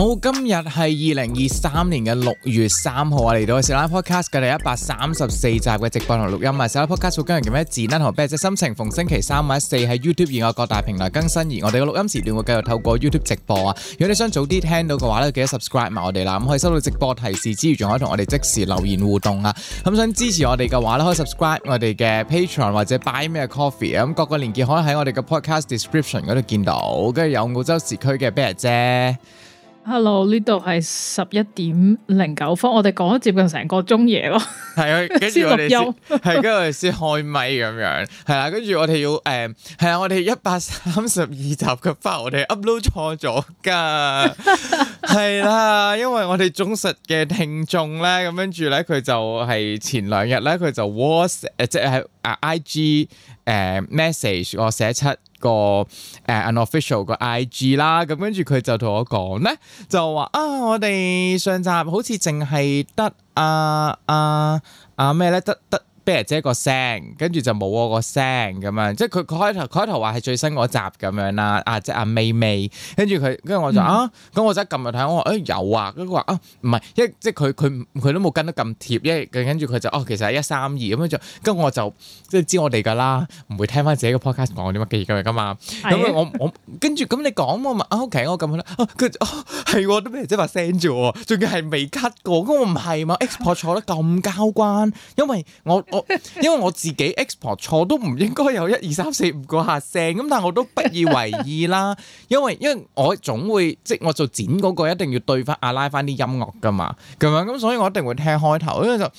好，今日係二零二三年嘅六月三號啊，嚟到我食 podcast 嘅第一百三十四集嘅直播同錄音啊！食奶 podcast 會今日叫咩字呢？同 bear 姐，心情逢星期三或、或者四喺 YouTube 以外各大平台更新，而我哋嘅錄音時段會繼續透過 YouTube 直播啊。如果你想早啲聽到嘅話咧，記得 subscribe 埋我哋啦，咁可以收到直播提示之餘，仲可以同我哋即時留言互動啊。咁想支持我哋嘅話咧，可以 subscribe 我哋嘅 patron 或者 buy 咩 coffee 啊。咁各個連結可以喺我哋嘅 podcast description 嗰度見到，跟住有澳洲時區嘅 bear 姐。Hello 呢度係十一點零九分，我哋講咗接近成個鐘嘢咯。係啊，跟住我哋先，係跟住我哋先開咪咁樣。係啦、啊，跟住我哋要誒，係、呃、啊，我哋一百三十二集嘅花，我哋 upload 錯咗噶。係啦，因為我哋忠實嘅聽眾咧，咁跟住咧，佢就係前兩日咧，佢就 WhatsApp 誒、呃，即係啊 IG 誒、呃、message 我寫出。個誒 unofficial 個 IG 啦，咁跟住佢就同我講咧，就話啊，我哋上集好似淨係得啊啊啊咩咧，得得，b 姐個聲，跟住就冇我個聲咁樣，即係佢開頭佢開頭話係最新嗰集咁樣啦，啊即係阿美美，跟住佢跟住我就、嗯、啊，咁我就撳入睇，我話誒、欸、有啊，咁佢話啊唔係，即係佢佢佢都冇跟得咁貼，跟住佢就哦，其實係一三二咁樣我就，咁我，我，我，我，我，我就即係知我哋噶啦，唔會聽翻自己個 podcast 講啲乜嘢咁樣噶嘛，咁我我跟住咁你講我問啊 OK，我撳啦，佢哦係我都 b 姐話 send 咗喎，仲要係未 cut 過，咁我唔係嘛 export 坐得咁交關，因為我。 我 因為我自己 export 錯，都唔應該有一二三四五個下聲，咁但我都不以為意啦。因為因為我總會即我做剪嗰個一定要對翻阿拉翻啲音樂㗎嘛，咁樣，咁所以我一定會聽開頭，因為就。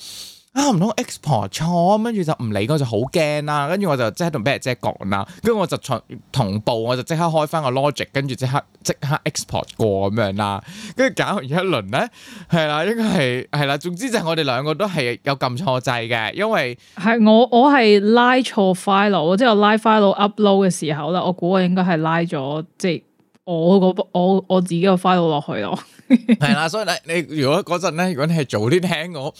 啊唔通 export 錯，跟住，就唔理我就好驚啦，跟住，我就即係同啤姐講啦，跟住，我就同同步，我就即刻開翻個 logic，跟住，即刻即刻 export 過咁樣啦，跟住,搞完一輪咧，係啦，應該係。係啦，總之就係我哋兩個都係有撳錯掣嘅，因為係我我係拉錯 file，即係我拉 file upload 嘅時候啦，我估我應該係拉咗即係。我我我自己個翻到落去咯，係啦，所以咧，你如果嗰陣咧，如果你係早啲聽我，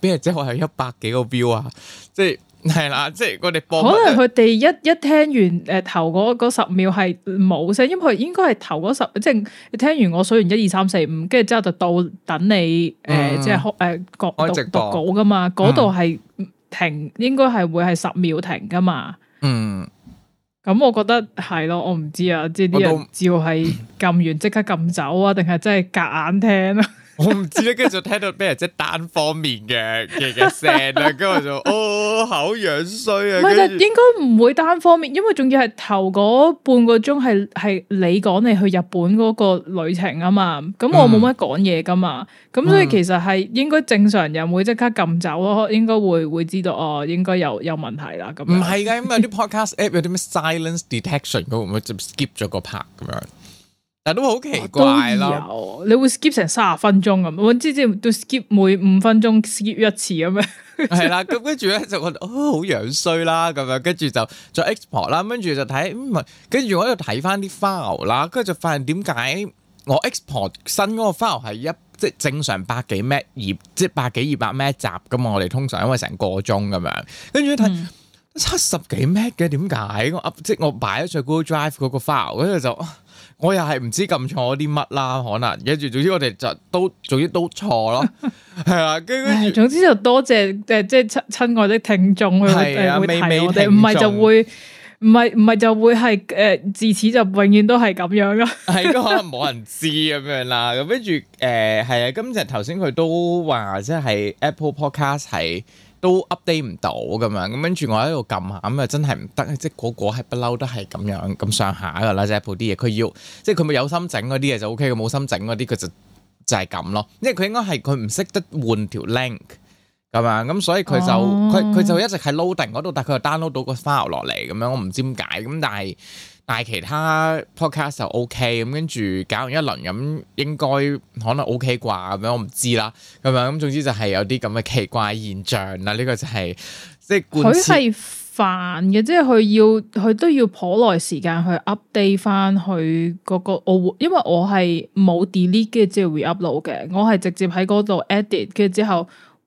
邊係即係一百幾個標啊，即係係啦，即係我哋幫。可能佢哋一一聽完誒、呃、頭嗰十秒係冇聲，因為佢應該係頭嗰十，即係你聽完我數完一二三四五，跟住之後就到等你誒、呃，即係開誒國讀、嗯、直播讀稿噶嘛，嗰度係停，嗯、應該係會係十秒停噶嘛，嗯。嗯咁、嗯、我覺得係咯，我唔知啊，即係啲人照係撳完即刻撳走啊，定係真係夾硬聽啊？ 我唔知咧，跟住就聽到畀人即係單方面嘅嘅聲啦，咁 我就哦好樣衰啊！唔係就應該唔會單方面，因為仲要係頭嗰半個鐘係係你講你去日本嗰個旅程啊嘛，咁我冇乜講嘢噶嘛，咁、嗯、所以其實係應該正常人會即刻撳走咯，應該會會知道哦，應該有有問題啦咁。唔係噶，咁有啲 podcast app 有啲咩 silence detection，佢會唔會就 skip 咗個 part 咁樣？但都好奇怪咯，啊、你會 skip 成卅分鐘咁，總之、啊、都 skip 每五分鐘 skip 一次咁樣，係 啦，咁跟住咧就覺得哦好樣衰啦，咁樣跟住就再 ex port, 就 export 啦，跟、嗯、住就睇，唔係，跟住我喺度睇翻啲 file 啦，跟住就發現點解我 export 新嗰個 file 係一即係、就是、正常百幾 M，即係百幾二百 M 集噶嘛，我哋通常因為成個鐘咁樣，跟住一睇七十幾 M 嘅點解？我即係、就是、我擺喺在 Google Drive 嗰個 file 跟住就。我又係唔知撳錯啲乜啦，可能跟住，總之我哋就都總之都錯咯，係 啊。跟住，總之就多謝誒、呃，即係親親愛的聽眾去誒會睇我哋，唔係、啊、就會唔係唔係就會係誒、呃、自此就永遠都係咁樣咯、啊。係 都、啊、可能冇人知咁樣啦。咁跟住誒，係、呃、啊，今日頭先佢都話，即係 Apple Podcast 係。都 update 唔到咁樣，咁跟住我喺度撳下，咁啊真係唔得，即係果果係不嬲都係咁樣咁上下嘅啦。Apple 啲嘢佢要，即係佢咪有心整嗰啲嘢就 OK，佢冇心整嗰啲佢就就係、是、咁咯。因為佢應該係佢唔識得換條 link，係嘛，咁、嗯、所以佢就佢佢就一直喺 loading 嗰度，但佢就 download 到個 file 落嚟咁樣，我唔知點解咁，但係。但係其他 podcast 就 OK 咁，跟住搞完一輪咁，應該可能 OK 啩，咁樣，我唔知啦咁樣。咁總之就係有啲咁嘅奇怪現象啦。呢個就係即係佢係煩嘅，即係佢要佢都要頗耐時間去 update 翻佢嗰個我，因為我係冇 delete 嘅，即係 reupload 嘅，我係直接喺嗰度 edit 嘅之後。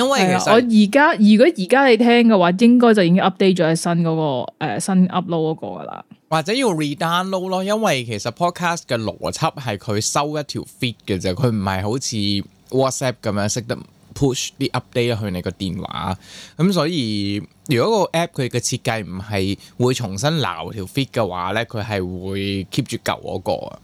因為其實我而家如果而家你聽嘅話，應該就已經 update 咗喺新嗰個誒、呃、新 upload 嗰個噶啦，或者要 redownload 咯。因為其實 podcast 嘅邏輯係佢收一條 feed 嘅啫，佢唔係好似 WhatsApp 咁樣識得 push 啲 update 去你個電話。咁所以如果個 app 佢嘅設計唔係會重新撈條 feed 嘅話咧，佢係會 keep 住舊嗰個。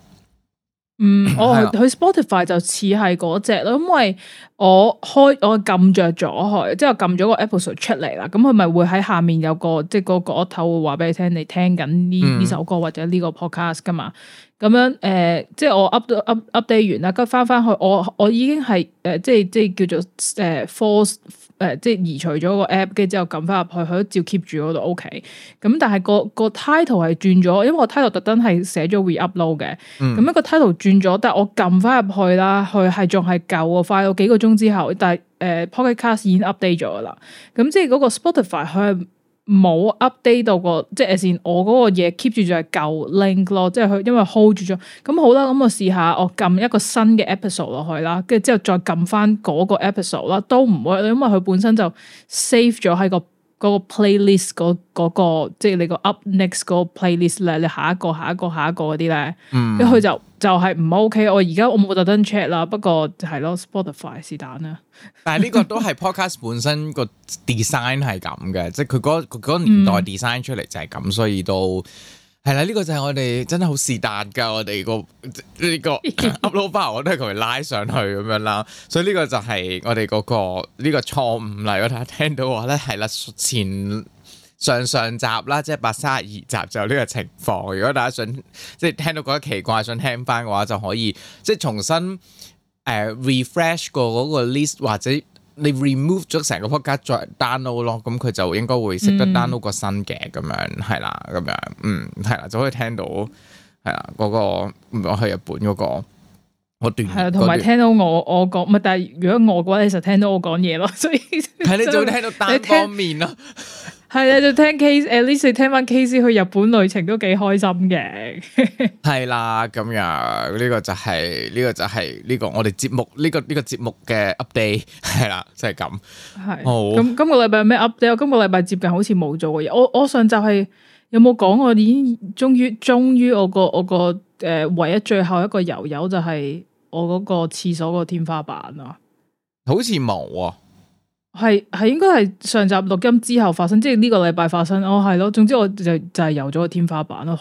嗯，我佢 Spotify 就似係嗰隻咯，因為我開我撳着咗佢，之後撳咗個 Apple Store 出嚟啦，咁佢咪會喺下面有個即係嗰個頭會話俾你聽，你聽緊呢呢首歌或者呢個 podcast 噶嘛。咁樣，誒、呃，即係我 update up,、update 完啦，跟翻翻去，我我已經係，誒、呃，即係即係叫做，誒，force，誒，即係移除咗個 app，跟住之後撳翻入去，佢都照 keep 住嗰度 OK。咁但係個個 title 係轉咗，因為我 title 特登係寫咗 re-upload 嘅。咁一、嗯、個 title 轉咗，但係我撳翻入去啦，佢係仲係舊嘅，快有幾個鐘之後，但係，誒、呃、，Pocket Cast 已經 update 咗啦。咁即係嗰個 Spotify 佢。冇 update 到個，即係先我嗰個嘢 keep 住就係舊 link 咯，即係佢因為 hold 住咗。咁好啦，咁我試下我撳一個新嘅 episode 落去啦，跟住之後再撳返嗰個 episode 啦，都唔會，因為佢本身就 save 咗喺個、那、嗰個 playlist 嗰嗰個，即、那、係、個那個就是、你個 up next 嗰個 playlist 咧，你下一個下一個下一個嗰啲咧，一佢、嗯、就。就係唔 OK，我而家我冇特登 check 啦，不過係咯，Spotify 是 但啦。但係呢個都係 Podcast 本身個 design 係咁嘅，即係佢嗰嗰個年代 design 出嚟就係咁、嗯這個，所以都係啦。呢個就係我哋真係好是但噶，我、這、哋個呢個 upload bar 我都係同佢拉上去咁樣啦。所以呢個就係我哋嗰個呢個錯誤嚟。我睇聽到話咧係啦前。上上集啦，即係百三十二集就呢個情況。如果大家想即係聽到覺得奇怪，想聽翻嘅話，就可以即係重新誒、呃、refresh 過嗰個 list，或者你 remove 咗成個 podcast 再 download 咯，咁佢就應該會識得 download 個新嘅咁樣，係啦、嗯，咁樣，嗯，係啦，就可以聽到係啦嗰個我、那個、去日本嗰、那個我段係啊，同埋聽到我我講咪，但係如果我嘅話，你就聽到我講嘢咯，所以係你做聽到單方面咯聽。 係啊，就聽 case，at least 聽翻 case 去日本旅程都幾開心嘅。係啦，咁樣呢個就係、是、呢、這個就係呢個我哋節目呢、這個呢、這個節目嘅 update 係啦，即係咁。係的，咁好今個禮拜咩 update？我今個禮拜接近好似冇做過嘢。我我上集係有冇講我已經終於終於我個我個誒、呃、唯一最後一個油友就係我嗰個廁所個天花板啊？好似冇啊。係係應該係上集錄音之後發生，即係呢個禮拜發生。哦，係咯，總之我就就係游咗個天花板咯。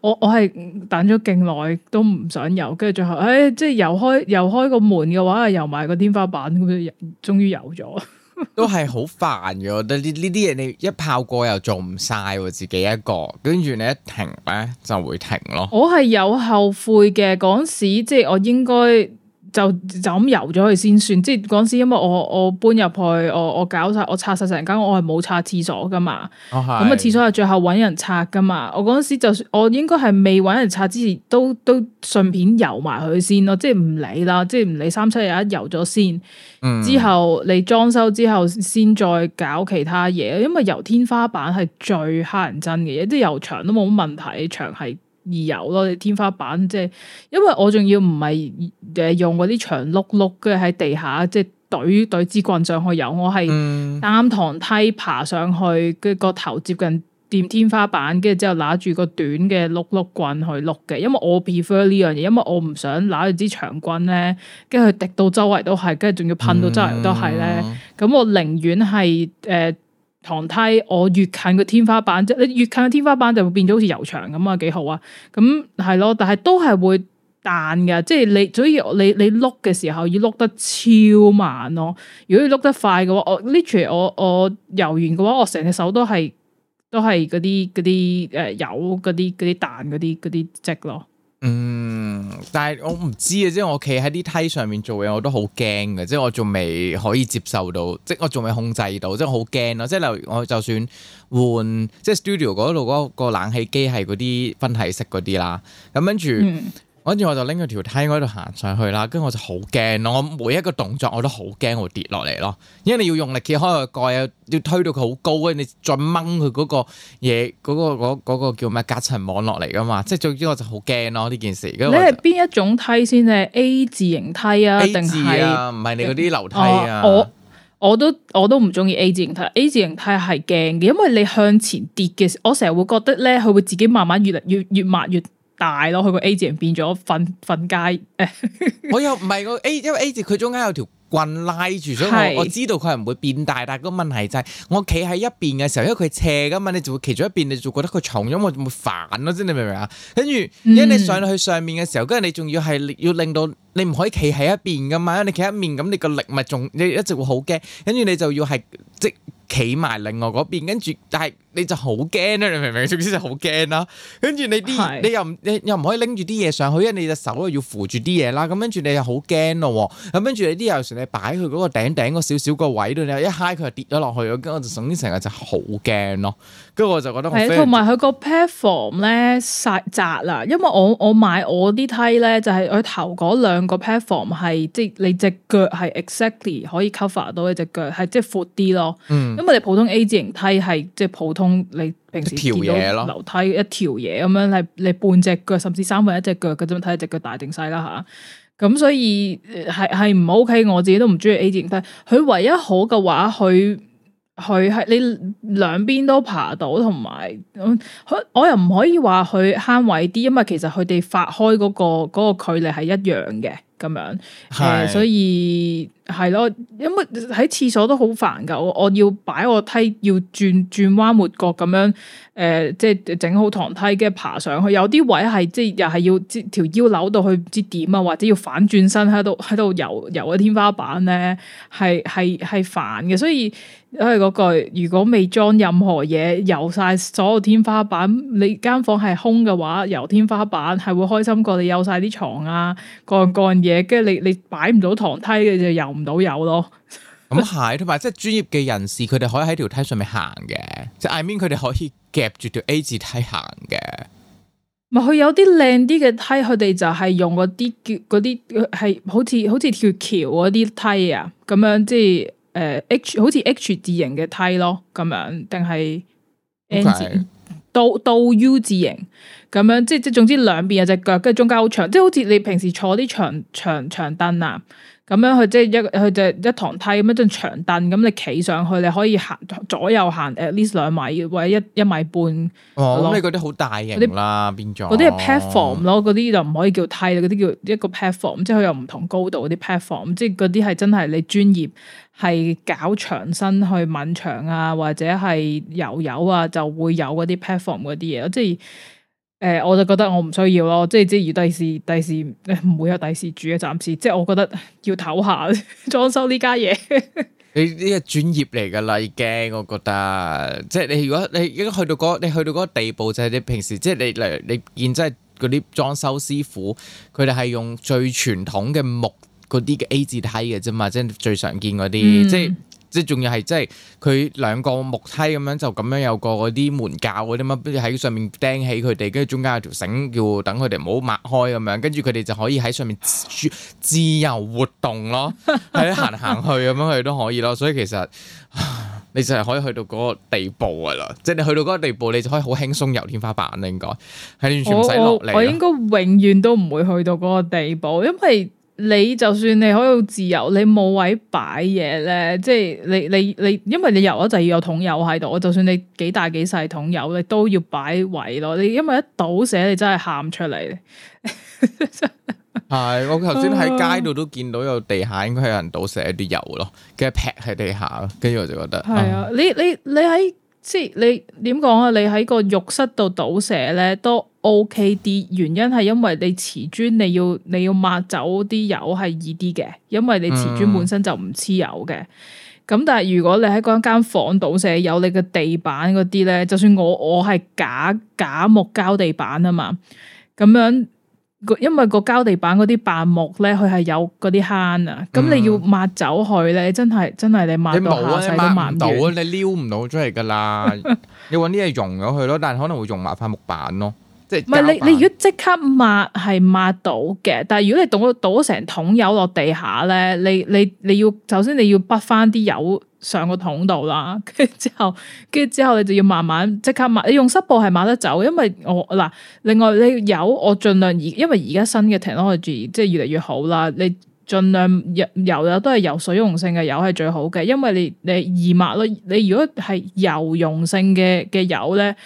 我我係等咗勁耐都唔想游，跟住最後誒，即係游開游開個門嘅話，游埋個天花板，咁樣，哎，終於游咗。都係好煩嘅，我覺得呢呢啲嘢你一炮過又做唔晒，啊，自己一個跟住你一停咧就會停咯。我係有後悔嘅，嗰時即係我應該。就就咁油咗佢先算，即係嗰陣時，因為我我搬入去，我我搞晒，我拆晒成間，我係冇拆廁所噶嘛，咁啊廁所係最後揾人拆噶嘛。我嗰陣時就算我應該係未揾人拆之前，都都順便油埋佢先咯，即係唔理啦，即係唔理三七廿一油咗先，嗯、之後你裝修之後先再搞其他嘢，因為油天花板係最乞人憎嘅嘢，即係油牆都冇乜問題，牆係。而有咯，你天花板即係，因為我仲要唔係誒用嗰啲長碌碌，跟住喺地下即係懟懟支棍上去游，我係擔堂梯爬上去，跟住個頭接近掂天花板，跟住之後攞住個短嘅碌碌棍去碌嘅，因為我 prefer 呢樣嘢，因為我唔想攞住支長棍咧，跟住佢滴到周圍都係，跟住仲要噴到周圍都係咧，咁、嗯啊、我寧願係誒。呃糖梯，我越近個天花板，即你越近個天花板就會變咗好似油牆咁啊，幾好啊！咁係咯，但係都係會彈嘅，即係你所以你你碌嘅時候要碌得超慢咯。如果你碌得快嘅話，我 literally 我我，我游完嘅話，我成隻手都係都係嗰啲嗰啲誒，油嗰啲嗰啲彈嗰啲嗰啲積咯。嗯，但係我唔知啊，即係我企喺啲梯上面做嘢，我都好驚嘅，即係我仲未可以接受到，即係我仲未控制到，即係我好驚咯，即係例如我就算換即係 studio 嗰度嗰個冷氣機係嗰啲分體式嗰啲啦，咁跟住。嗯跟住我就拎佢條梯，我喺度行上去啦。跟住我就好驚咯，我每一個動作我都好驚會跌落嚟咯。因為你要用力揭開個蓋，要推到佢好高咧，你再掹佢嗰個嘢，嗰、嗰個、嗰個嗰個叫咩隔層網落嚟噶嘛？即係總之我就好驚咯呢件事。我你係邊一種梯先咧？A 字型梯啊，定係唔係你嗰啲樓梯啊？哦、我我都我都唔中意 A 字型梯，A 字型梯係驚嘅，因為你向前跌嘅時，我成日會覺得咧，佢會自己慢慢越嚟越越抹越。越越大咯，佢個 A 字變咗瞓瞓街誒、哎 ，我又唔係個 A，因為 A 字佢中間有條棍拉住，是所以我我知道佢係唔會變大。但係個問題是就係我企喺一邊嘅時候，因為佢斜噶嘛，你就會企咗一邊，你就覺得佢重，咗，我就會煩咯、啊，知你明唔明啊？跟住，因為你上去上面嘅時候，跟住、嗯、你仲要係要令到。你唔可以企喺一邊噶嘛，你企一面咁，你個力咪仲你一直會好驚，跟住你就要係即企埋另外嗰邊，跟住但係你就好驚啦，你明唔明？總之就好驚啦，跟住你啲你又唔你又唔可以拎住啲嘢上去，因為你隻手又要扶住啲嘢啦，咁跟住你又好驚咯，咁跟住你啲有時你擺佢嗰個頂頂嗰少少個位度，你一嗨佢就跌咗落去，跟我就總之成日就好驚咯，跟住我就覺得，同埋佢個 platform 咧曬窄啦，因為我我買我啲梯咧就係、是、佢頭嗰兩。個 platform 係即係你隻腳係 exactly 可以 cover 到你隻腳係即係闊啲咯，嗯、因為你普通 A 字形梯係即係普通你平時見到樓梯一條嘢咁樣，你你半隻腳甚至三分一隻腳嘅啫，睇下隻腳大定細啦吓，咁所以係係唔 OK，我自己都唔中意 A 字形梯，佢唯一好嘅話佢。佢係你兩邊都爬到，同埋我我又唔可以話佢慳位啲，因為其實佢哋發開嗰個嗰個距離係一樣嘅。咁樣，係是、呃，所以係咯，因為喺廁所都好煩噶。我我要擺個梯，要轉轉彎抹角咁樣，誒、呃，即係整好堂梯跟住爬上去。有啲位係即係又係要條腰扭到去唔知點啊，或者要反轉身喺度喺度游游個天花板咧，係係係煩嘅。所以因為嗰句，如果未裝任何嘢，游晒所有天花板，你間房係空嘅話，游天花板係會開心過你游有晒啲床啊，干干嘢嘢，跟住你你擺唔到堂梯嘅就游唔到油咯。咁係，同埋即係專業嘅人士，佢哋可以喺條梯上面行嘅。即係 I mean，佢哋可以夾住條 A 字梯行嘅。唔係佢有啲靚啲嘅梯，佢哋就係用嗰啲叫嗰啲係好似好似條橋嗰啲梯啊，咁樣即係誒 H 好似 H 字形嘅梯咯，咁樣定係 N 字 Okay. 到到 U 字形。咁樣即即總之兩邊有隻腳，跟住中間好長，即係好似你平時坐啲長長長凳啊，咁樣佢即係一佢就一堂梯咁樣張長凳，咁你企上去你可以行左右行，at least 兩米或者一一米半。哦，咁你嗰啲好大型嗰啲啦，嗰個、變咗嗰啲係 platform 咯，嗰啲就唔可以叫梯啦，嗰啲叫一個 platform，即係佢有唔同高度嗰啲 platform，即係嗰啲係真係你專業係搞長身去敏場啊，或者係遊遊啊，就會有嗰啲 platform 嗰啲嘢即係。誒、呃，我就覺得我唔需要咯，即係即係如第時，第時唔會有第時住嘅，暫時，即係我覺得要唞下裝修呢家嘢。你呢個專業嚟㗎喇，已經我覺得，即係你如果你已經去到嗰，你去到、那個、你去到個地步，就係、是、你平時即係你嚟，你見真係嗰啲裝修師傅，佢哋係用最傳統嘅木嗰啲嘅 A 字梯嘅啫嘛，即係最常見嗰啲，嗯、即係。即係仲要係，即係佢兩個木梯咁樣就咁樣有個嗰啲門架嗰啲乜，跟住喺上面釘起佢哋，跟住中間有條繩，叫等佢哋唔好擘開咁樣，跟住佢哋就可以喺上面自由活動咯，係 行行去咁樣佢哋都可以咯。所以其實你就係可以去到嗰個地步噶啦，即係你去到嗰個地步，你就可以好輕鬆遊天花板啦。應該係完全唔使落嚟。我應該永遠都唔會去到嗰個地步，因為。你就算你可以自由，你冇位擺嘢咧，即係你你你，因為你游咗就是、要有桶油喺度，我就算你幾大幾細桶油，你都要擺位咯。你因為一倒瀉，你真係喊出嚟。係， 我頭先喺街度都見到有地下應該係有人倒瀉一啲油咯，跟住劈喺地下，跟住我就覺得。係啊，嗯、你你你喺。即係你點講啊？你喺個浴室度倒瀉咧都 OK 啲，原因係因為你瓷磚你要你要抹走啲油係易啲嘅，因為你瓷磚本身就唔黐油嘅。咁、嗯、但係如果你喺嗰一間房倒瀉有你嘅地板嗰啲咧，就算我我係假假木膠地板啊嘛，咁樣。因為個膠地板嗰啲板木咧，佢係有嗰啲坑啊，咁你要抹走佢咧、嗯，真係真係你抹到下咧，抹唔到啊，你撩唔到出嚟噶啦， 你搵啲嘢溶咗佢咯，但係可能會溶埋塊木板咯。唔係你，你如果即刻抹係抹到嘅，但係如果你倒倒成桶油落地下咧，你你你要首先你要揈翻啲油上個桶度啦，跟住之後，跟住之後你就要慢慢即刻抹。你用濕布係抹得走，因為我嗱，另外你油我儘量而，因為而家新嘅 technology 即係越嚟越好啦。你儘量油都油都係油水溶性嘅油係最好嘅，因為你你易抹咯。你如果係油溶性嘅嘅油咧。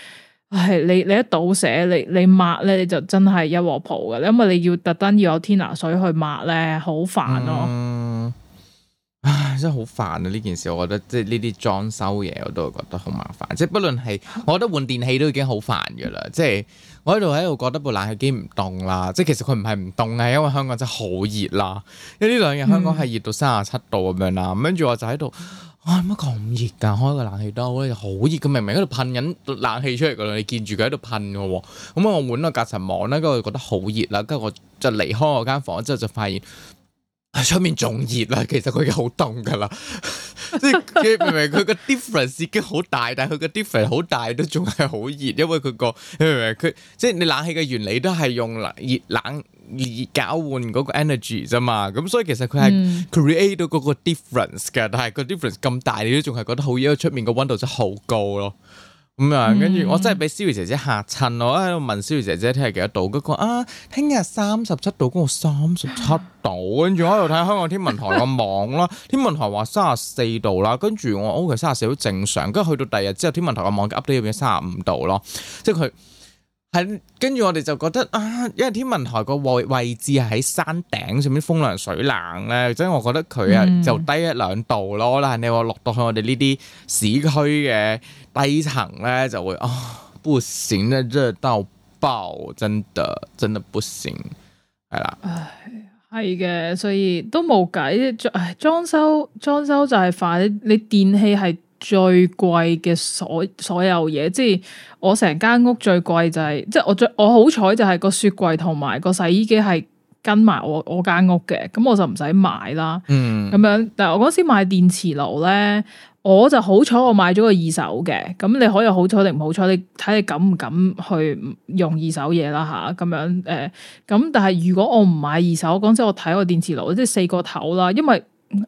係你你一倒瀉你你抹咧，你就真係一鑊泡㗎，因為你要特登要有天拿水去抹咧，好煩咯。唉，真係好煩啊！呢件事我覺得即係呢啲裝修嘢我都係覺得好麻煩，即係不論係我覺得換電器都已經好煩噶啦。即係我喺度喺度覺得部冷氣機唔凍啦，即係其實佢唔係唔凍呀，因為香港真係好熱啦。因為呢兩日香港係熱到三十七度咁樣啦，咁跟住我就喺度。哇乜咁熱噶？開個冷氣刀咧，好熱嘅，明明喺度噴緊冷氣出嚟噶啦，你見住佢喺度噴嘅喎。咁、嗯、我換咗隔塵網咧，跟住覺得好熱啦。跟住我就離開我間房之後，就發現喺出、啊、面仲熱啦。其實佢已經好凍噶啦， 即係明明佢個 difference 已經好大，但係佢個 difference 好大都仲係好熱，因為佢個明明佢即係你冷氣嘅原理都係用冷熱冷。而交換嗰個 energy 啫嘛，咁所以其實佢係 create 到嗰個 difference 嘅，但係個 difference 咁大，你都仲係覺得好熱，出面個溫度真係好高咯。咁、嗯、啊，跟住我真係俾 Siri 姐姐嚇親，我喺度問 Siri 姐姐聽日幾多度，佢、那、講、個、啊聽日三十七度，咁我三十七度，跟、那、住、個、我喺度睇香港天文台個網啦、 OK，天文台話三十四度啦，跟住我 ok 三十四好正常，跟住去到第二日之後天文台個網 update 到變三十五度咯，即係佢。係，跟住我哋就覺得啊，因為天文台個位位置係喺山頂上面，風涼水冷咧，嗯、所以我覺得佢啊就低一兩度咯。但係、嗯、你話落到去我哋呢啲市區嘅低層咧，就會啊、哦，不行咧，熱到爆，真得，真得不行，係啦。唉，係嘅，所以都冇計，裝裝修裝修就係快啲你電器係。最貴嘅所所有嘢，即係我成間屋最貴就係、是，即係我最我好彩就係個雪櫃同埋個洗衣機係跟埋我我間屋嘅，咁我就唔使買啦。嗯，咁樣，但係我嗰時買電磁爐咧，我就好彩我買咗個二手嘅。咁你可以好彩定唔好彩，你睇你敢唔敢去用二手嘢啦吓，咁樣誒，咁、呃、但係如果我唔買二手，嗰陣時我講我睇個電磁爐即係四個頭啦，因為。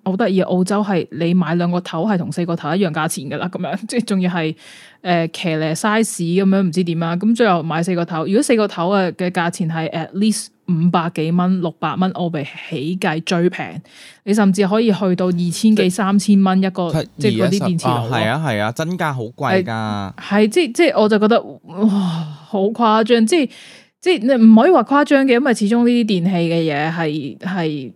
好得意，idden，澳洲係你買兩個頭係同四個頭一樣價錢噶啦，咁樣即係仲要係誒騎呢 size 咁樣唔知點啊！咁最後買四個頭，如果四個頭嘅嘅價錢係 at least 五百幾蚊、六百蚊，澳幣起計最平，你甚至可以去到二千幾、三千蚊一個，即係嗰啲電器。係啊係啊，真價好貴噶，係即係即係我就覺得哇好誇張，即係即係你唔可以話誇張嘅，因為始終呢啲電器嘅嘢係係。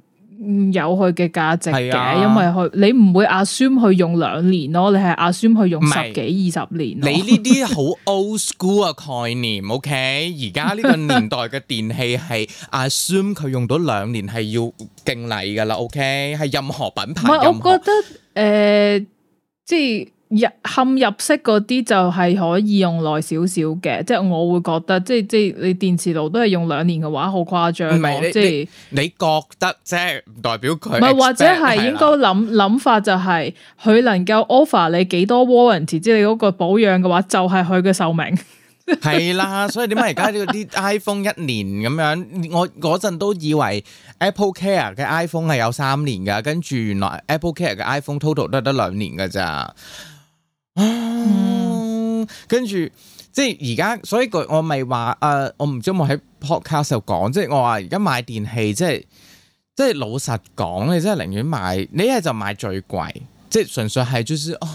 有佢嘅價值嘅，啊、因為佢你唔會 assume 佢用兩年咯，你係 assume 佢用十幾二十年。是 你呢啲好 old school 嘅概念，OK？而家呢個年代嘅電器係 assume 佢用到兩年係要敬禮噶啦，OK？係任何品牌，我覺得誒，即係何。呃就是入嵌入式嗰啲就係可以用耐少少嘅，即係我會覺得，即係即係你電磁爐都係用兩年嘅話好誇張。是即係你你覺得即係唔代表佢唔係，或者係應該諗諗啦法就係、是、佢能夠 offer warrant, 你幾多 warranty，即係你嗰個保養嘅話，就係佢嘅壽命。係 啦，所以點解而家呢啲 iPhone 一年咁樣？我嗰陣都以為 Apple Care 嘅 iPhone 係有三年噶，跟住原來 Apple Care 嘅 iPhone total 都得兩年噶咋。啊、跟住即係而家，所以佢我咪話誒，我唔知我喺 podcast 時候講，即係我話而家買電器，即係即係老實講，你真係寧願買，你一係就買最貴，即係純粹係 just 哦，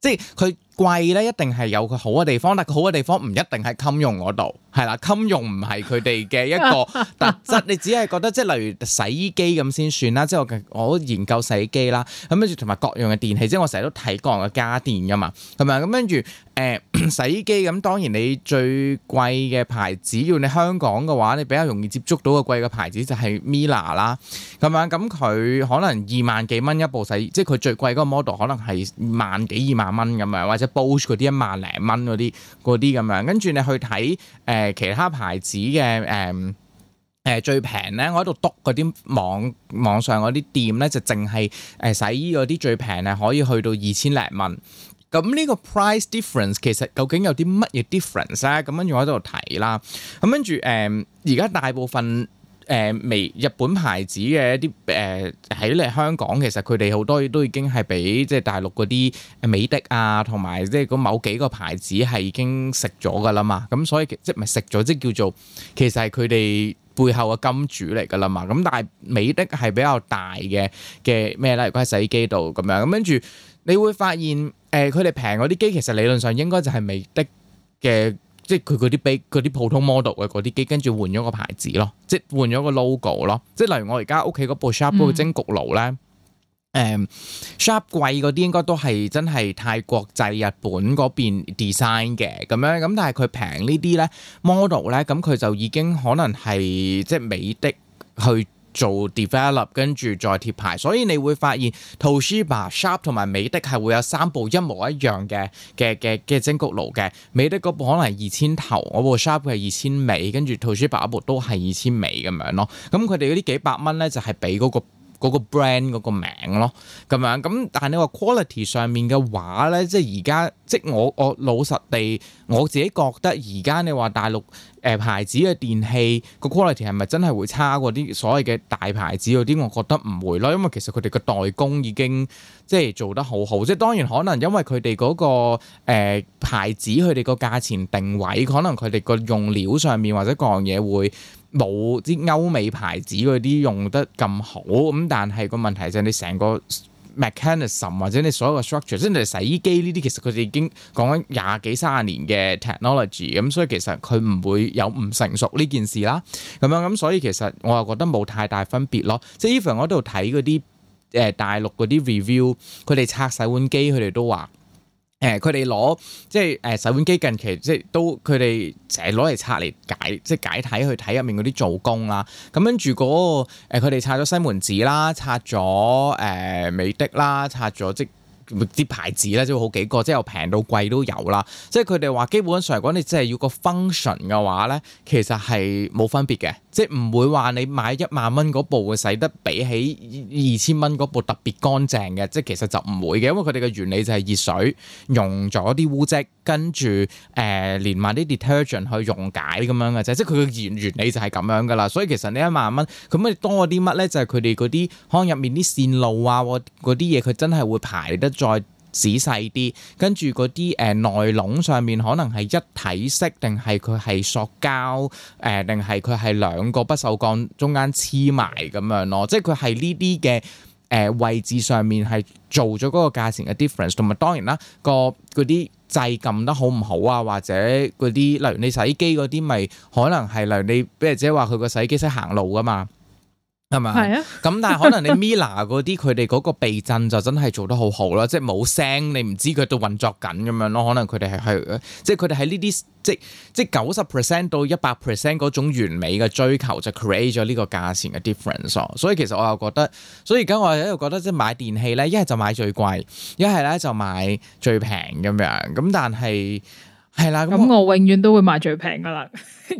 即係佢。貴咧一定係有佢好嘅地方，但佢好嘅地方唔一定係襟用嗰度，係啦，襟用唔係佢哋嘅一個特質。 你只係覺得即係例如洗衣機咁先算啦，即係我，我研究洗衣機啦，咁跟住同埋各樣嘅電器，即係我成日都睇各樣嘅家電噶嘛，咁樣咁跟住誒、欸、洗衣機咁，當然你最貴嘅牌子，要你香港嘅話，你比較容易接觸到個貴嘅牌子就係 Miele 啦，咁樣咁佢可能二萬幾蚊一部洗，即係佢最貴嗰個 model 可能係萬幾二萬蚊咁樣，或者。b o s 嗰啲一萬零蚊嗰啲嗰啲咁樣，跟住你去睇誒、呃、其他牌子嘅誒誒最平咧，我喺度督嗰啲網網上嗰啲店咧，就淨係誒洗衣嗰啲最平係可以去到二千零蚊。咁、嗯、呢、這個 price difference 其實究竟有啲乜嘢 difference 咧？咁、嗯、跟住我喺度睇啦。咁跟住誒而家大部分。誒美日本牌子嘅一啲誒喺嚟香港，其實佢哋好多嘢都已經係俾即係大陸嗰啲美的啊，同埋即係某幾個牌子係已經食咗㗎啦嘛。咁所以即係唔係食咗，即叫做其實係佢哋背後嘅金主嚟㗎啦嘛。咁但係美的係比較大嘅嘅咩咧？如果喺洗衣機度咁樣，咁跟住你會發現誒，佢哋平嗰啲機其實理論上應該就係美的嘅。即係佢嗰啲機，啲普通 model 嘅嗰啲機，跟住換咗個牌子咯，即係換咗個 logo 咯。即係例如我而家屋企嗰部 Sharp 嗰個蒸焗爐咧，誒、嗯、Sharp、嗯、貴嗰啲應該都係真係泰國製、日本嗰邊 design 嘅咁樣，咁但係佢平呢啲咧 model 咧，咁佢就已經可能係即係美的去。做 develop 跟住再貼牌，所以你會發現，Toshiba、Sharp 同埋美的係會有三部一模一樣嘅嘅嘅嘅蒸焗爐嘅，美的嗰部可能係二千頭，我部 Sharp 嘅係二千尾，跟住 Toshiba 嗰部都係二千尾咁樣咯。咁佢哋嗰啲幾百蚊咧，就係俾嗰個。嗰個 brand 嗰個名咯，咁樣咁，但係你話 quality 上面嘅話咧，即係而家即係我我老實地我自己覺得，而家你話大陸誒、呃、牌子嘅電器個 quality 係咪真係會差過啲所謂嘅大牌子嗰啲？我覺得唔會咯，因為其實佢哋個代工已經即係做得好好，即係當然可能因為佢哋嗰個、呃、牌子佢哋個價錢定位，可能佢哋個用料上面或者各樣嘢會。冇啲歐美牌子嗰啲用得咁好咁，但係個問題就係你成個 mechanism 或者你所有嘅 structure，即係你洗衣機呢啲，其實佢哋已經講緊廿幾三十年嘅 technology 咁，所以其實佢唔會有唔成熟呢件事啦。咁樣咁，所以其實我就覺得冇太大分別咯。即係 even 我度睇嗰啲誒大陸嗰啲 review，佢哋拆洗碗機，佢哋都話。誒佢哋攞即係誒、呃、洗碗機近期來來即係都佢哋成攞嚟拆嚟解即係解體去睇入面嗰啲做工啦、啊，咁跟住嗰個佢哋拆咗西門子啦，拆咗誒、呃、美的啦，拆咗即啲牌子咧，即係好幾個，即係又平到貴都有啦。即係佢哋話基本上嚟講，你即係要個 function 嘅話咧，其實係冇分別嘅。即唔會話你買一萬蚊嗰部會洗得比起二千蚊嗰部特別乾淨嘅，即其實就唔會嘅，因為佢哋嘅原理就係熱水溶咗啲污漬，跟住誒、呃、連埋啲 detergent 去溶解咁樣嘅啫，即係佢嘅原理就係咁樣噶啦。所以其實呢一萬蚊，咁佢多咗啲乜咧？就係佢哋嗰啲可能入面啲線路啊嗰啲嘢，佢真係會排得再仔細啲，跟住嗰啲誒內籠上面可能係一體式，定係佢係塑膠誒，定係佢係兩個不鏽鋼中間黐埋咁樣咯，即係佢係呢啲嘅誒位置上面係做咗嗰個價錢嘅 difference，同埋當然啦，個嗰啲掣撳得好唔好啊，或者嗰啲例如你洗機嗰啲咪可能係例如你，比如即係話佢個洗機識行路噶嘛。係嘛？咁 但係可能你 Mila 嗰啲佢哋嗰個避震就真係做得好好啦， 即係冇聲，你唔知佢都運作緊咁樣咯。可能佢哋係係，即係佢哋喺呢啲，即即係九十 percent 到一百 percent 嗰種完美嘅追求，就 create 咗呢個價錢嘅 difference。所以其實我又覺得，所以而家我一路覺得，即係買電器咧，一係就買最貴，一係咧就買最平咁樣。咁但係。係啦，咁我，我永遠都會買最平噶啦。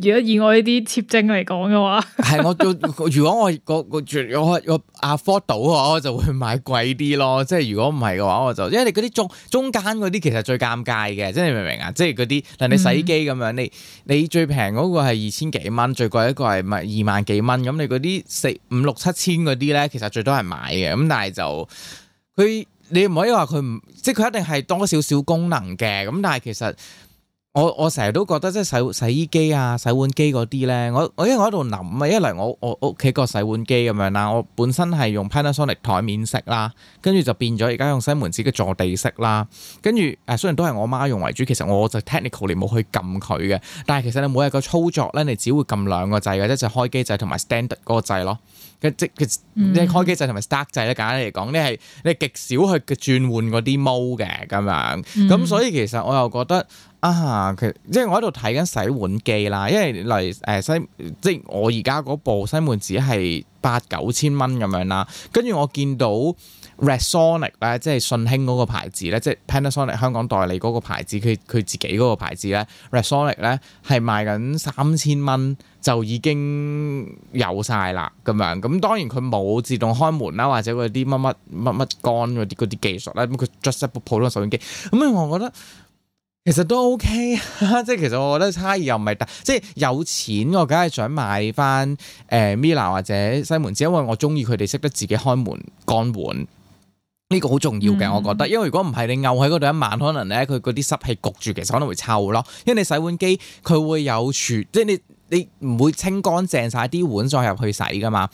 如果以我呢啲貼精嚟講嘅話，係我如果我個 afford 到我，我就會買貴啲咯。即係如果唔係嘅話，我就因為嗰啲中中間嗰啲其實最尷尬嘅，即係你明唔明啊？即係嗰啲，嗱你洗機咁樣，嗯、你你最平嗰個係二千幾蚊，最貴一個係萬二萬幾蚊。咁你嗰啲四五六七千嗰啲咧，其實最多係買嘅。咁但係就佢，你唔可以話佢唔，即係佢一定係多少少功能嘅。咁但係其實。我我成日都覺得即係洗洗衣機啊、洗碗機嗰啲咧，我我因為我喺度諗啊，一嚟我我屋企個洗碗機咁樣啦，我本身係用 Panasonic 台面式啦，跟住就變咗而家用西門子嘅坐地式啦，跟住誒雖然都係我媽用為主，其實我就 technically 冇去撳佢嘅，但係其實你每日個操作咧，你只會撳兩個掣嘅，即係開機掣同埋 standard 嗰個掣咯，跟即係開機掣同埋 start 掣咧，簡單嚟講，你係你極少去轉換嗰啲 mode 嘅咁樣，咁、嗯、所以其實我又覺得。啊，佢，即係我喺度睇緊洗碗機啦，因為例如、呃、西，即係我而家嗰部西門子係八九千蚊咁樣啦，跟住我見到 Rasonic 咧，即係信興嗰個牌子咧，即係 Panasonic 香港代理嗰個牌子，佢佢自己嗰個牌子咧，Rasonic 咧係賣緊三千蚊就已經有晒啦咁樣，咁當然佢冇自動開門啦，或者嗰啲乜乜乜乜乾嗰啲啲技術咧，咁佢 just 一部普通嘅洗碗機，咁啊我覺得。其實都 OK 啊，即係其實我覺得差異又唔係大，即係有錢我梗係想買翻誒 Miele 或者西門子，因為我中意佢哋識得自己開門乾碗，呢、這個好重要嘅我覺得。嗯、因為如果唔係你漚喺嗰度一晚，可能咧佢嗰啲濕氣焗住，其實可能會臭咯。因為你洗碗機佢會有儲，即係你你唔會清乾淨晒啲碗再入去洗噶嘛。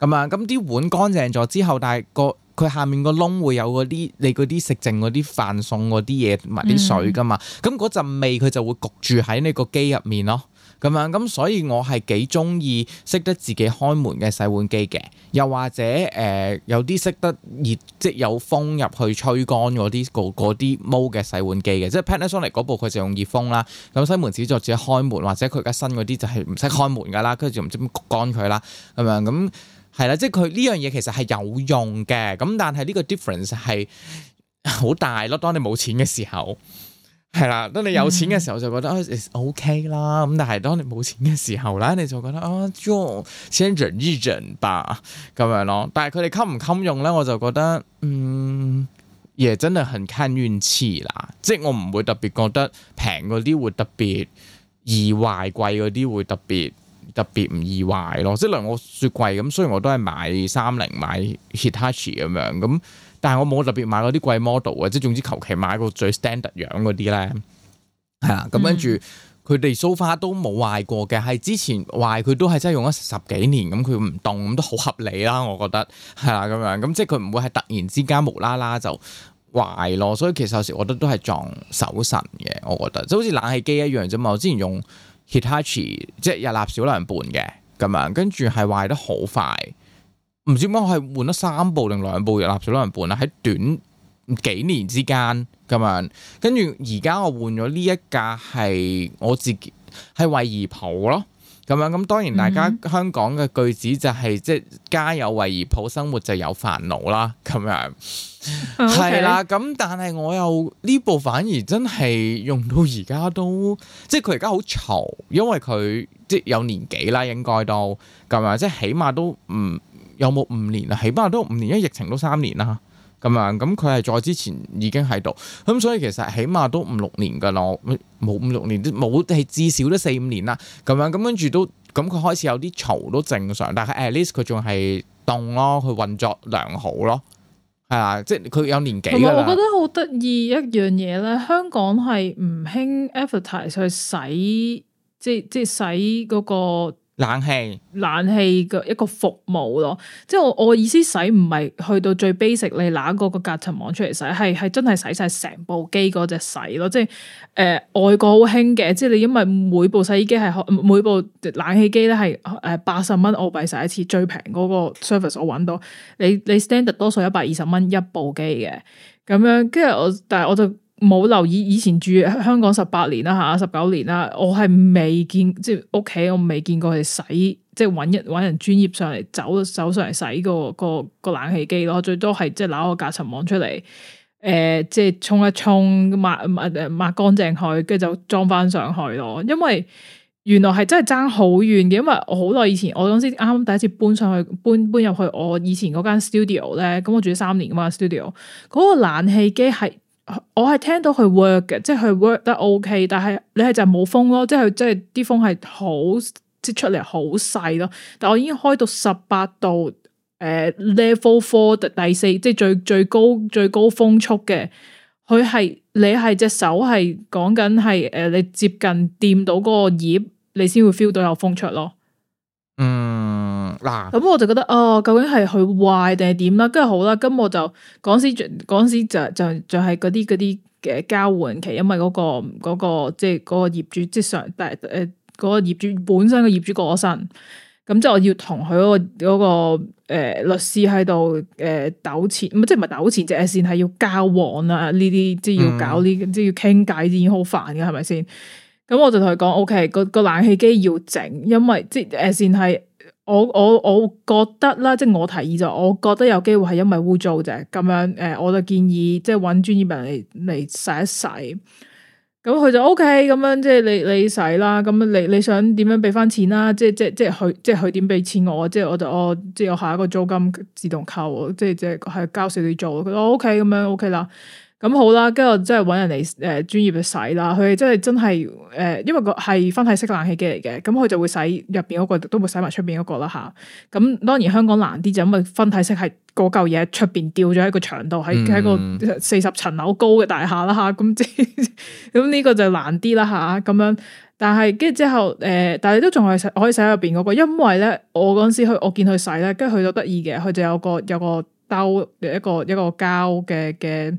咁啊，咁啲碗乾淨咗之後，但係個。佢下面個窿會有嗰啲你嗰啲食剩嗰啲飯餸嗰啲嘢埋啲水㗎嘛，咁嗰、嗯嗯、陣味佢就會焗住喺你個機入面咯，咁樣咁，所以我係幾中意識得自己開門嘅洗碗機嘅，又或者誒、呃、有啲識得熱即有風入去吹乾嗰啲啲毛嘅洗碗機嘅，即 Panasonic 嗰部佢就用熱風啦，咁西門子就自己開門或者佢而家新嗰啲就係唔識開門㗎啦，跟住、嗯、就唔知焗乾佢啦，咁樣咁。係啦，即係佢呢樣嘢其實係有用嘅，咁但係呢個 difference 係好大咯。當你冇錢嘅時候，係啦；當你有錢嘅時候就覺得啊、嗯哦、OK 啦。咁但係當你冇錢嘅時候咧，你就覺得啊、哦，先忍一忍吧咁樣咯。但係佢哋襟唔襟用咧，我就覺得，嗯，嘢真係很看運氣啦。即係我唔會特別覺得平嗰啲會特別而壞，貴嗰啲會特別。特別唔易壞咯，即係例如我雪櫃咁，雖然我都係買三菱買 Hitachi 咁樣，咁但係我冇特別買嗰啲貴 model、嗯、啊，即係總之求其買個最 standard 樣嗰啲咧，係啊，咁跟住佢哋 so far 都冇壞過嘅，係之前壞佢都係真係用咗十幾年，咁佢唔凍咁都好合理啦，我覺得係啊，咁樣咁即係佢唔會係突然之間無啦啦就壞咯，所以其實有時我覺得都係撞手神嘅，我覺得即好似冷氣機一樣啫嘛，我之前用。Hitachi 即係日立少咗兩半嘅咁樣，跟住係壞得好快，唔知點解我係換咗三部定兩部日立少咗兩半啦！喺短幾年之間咁樣，跟住而家我換咗呢一架係我自己係惠而浦咯。咁樣咁當然，大家、嗯、哼香港嘅句子就係即係家有惠而浦生活就有煩惱 啦。咁樣係啦，咁但係我又呢部反而真係用到而家都，即係佢而家好嘈，因為佢即係有年紀啦，應該都咁樣，即係起碼都唔有冇五年啦，起碼都五年，因為疫情都三年啦。咁啊，咁佢係再之前已經喺度，咁所以其實起碼都五六年㗎啦，冇五六年都冇係至少都四五年啦，咁樣咁跟住都，咁佢開始有啲嘈都正常，但係 at least 佢仲係凍咯，佢運作良好咯，係啊，即係佢有年紀。我覺得好得意一樣嘢咧，香港係唔興 advertise 去洗，即即係洗嗰個。冷氣，冷氣嘅一個服務咯，即係我我意思洗唔係去到最 basic，你拿嗰個隔塵網出嚟洗，係係真係洗晒成部機嗰隻洗咯，即係誒、呃、外國好興嘅，即係你因為每部洗衣機係每部冷氣機咧係誒八十蚊澳幣洗一次，最平嗰個 service 我揾到，你你 standard 多數一百二十蚊一部機嘅，咁樣跟住我，但係我就。冇留意以前住香港十八年啦吓，十九年啦，我係未見，即係屋企，我未見過佢哋洗，即係揾一揾人專業上嚟走走上嚟洗個個個冷氣機咯，最多係即係攞個隔塵網出嚟，誒、呃，即係沖一沖抹抹抹，抹，抹，抹乾淨佢，跟住就裝翻上去咯。因為原來係真係爭好遠嘅，因為我好耐以前，我嗰時啱啱第一次搬上去，搬搬入去我以前嗰間 studio 咧，咁我住咗三年噶嘛 studio，嗰個冷氣機係。我係聽到佢 work 嘅，即係佢 work 得 OK，但係你係就冇風咯，即係即係啲風係好即出嚟好細咯。但我已經開到十八度，誒、呃、level four 第四，即係最最高最高風速嘅。佢係你係隻手係講緊係誒，你接近掂到嗰個葉，你先會 feel 到有風出咯。嗯嗱，咁、嗯、我就覺得哦，究竟係佢壞定係點啦？跟住好啦，咁我就嗰時，時就嗰時就就就係嗰啲啲嘅交換期，因為嗰、那個嗰、那個即係、就是、個業主，即、就、係、是、上但誒、呃那個業主本身個業主過咗身，咁即係我要同佢嗰個、那個誒、呃、律師喺度誒糾纏，即係唔係糾纏，即係先係要交往啦呢啲，即係要搞呢，嗯、即係要傾偈先，好煩噶，係咪先？是。咁、嗯、我就同佢講，OK，個、那個冷氣機要整，因為即係誒、呃，先係我我我覺得啦，即係我提議就，我覺得有機會係因為污糟啫，咁樣誒、呃，我就建議即係揾專業人嚟嚟洗一洗。咁佢就 OK，咁樣即係你你洗啦，咁你你想點樣俾翻錢啦、啊？即係即係即係佢即係佢點俾錢我？即係我就我、哦、即係我下一個租金自動扣，即係即係係交少少租。佢話 OK，咁樣 OK 啦。咁好啦，跟住即係搵人嚟誒專業去洗啦，佢即係真係誒、呃，因為個係分體式冷氣機嚟嘅，咁佢就會洗入邊嗰個，都會洗埋出邊嗰個啦吓。咁、啊、當然香港難啲，就因為分體式係嗰嚿嘢出邊吊咗喺個牆度，喺喺個四十層樓高嘅大廈啦吓。咁即咁呢個就難啲啦吓。咁、啊、樣，但係跟住之後誒、呃，但係都仲係可以洗入邊嗰個，因為咧我嗰時去，我見佢洗咧，跟住佢都得意嘅，佢就有個有個兜一個一個膠嘅嘅。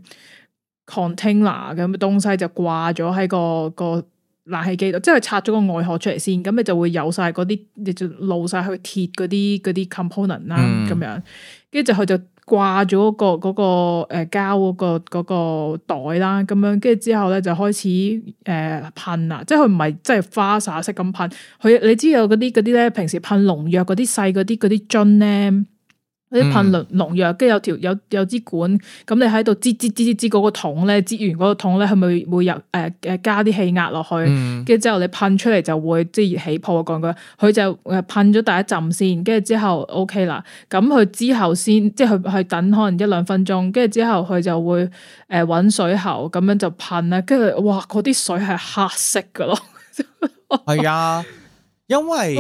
container 咁嘅東西就掛咗喺個個冷氣機度，即係拆咗個外殼出嚟先，咁咪就會有晒嗰啲，你就露晒去貼嗰啲嗰啲 component 啦，咁樣，跟住、嗰個嗰個呃嗰個嗰個、之後就掛咗個嗰個誒膠嗰個嗰個袋啦，咁樣，跟住之後咧就開始誒、呃、噴啦，即係佢唔係即係花灑式咁噴，佢你知有嗰啲嗰啲咧，平時噴農藥嗰啲細嗰啲嗰啲樽咧。嗰啲、 嗯、噴農農藥，跟住有條有有支管，咁你喺度擠擠擠擠擠嗰個桶咧，擠完嗰個桶咧，係咪會入誒誒加啲氣壓落去？跟住之後你噴出嚟就會即熱起泡，我講緊佢就誒噴咗第一陣先，跟住之後 OK 啦，咁佢之後先即係佢去等可能一兩分鐘，跟住之後佢就會誒揾、呃、水喉咁樣就噴咧，跟住哇嗰啲水係黑色噶咯，係 啊。因為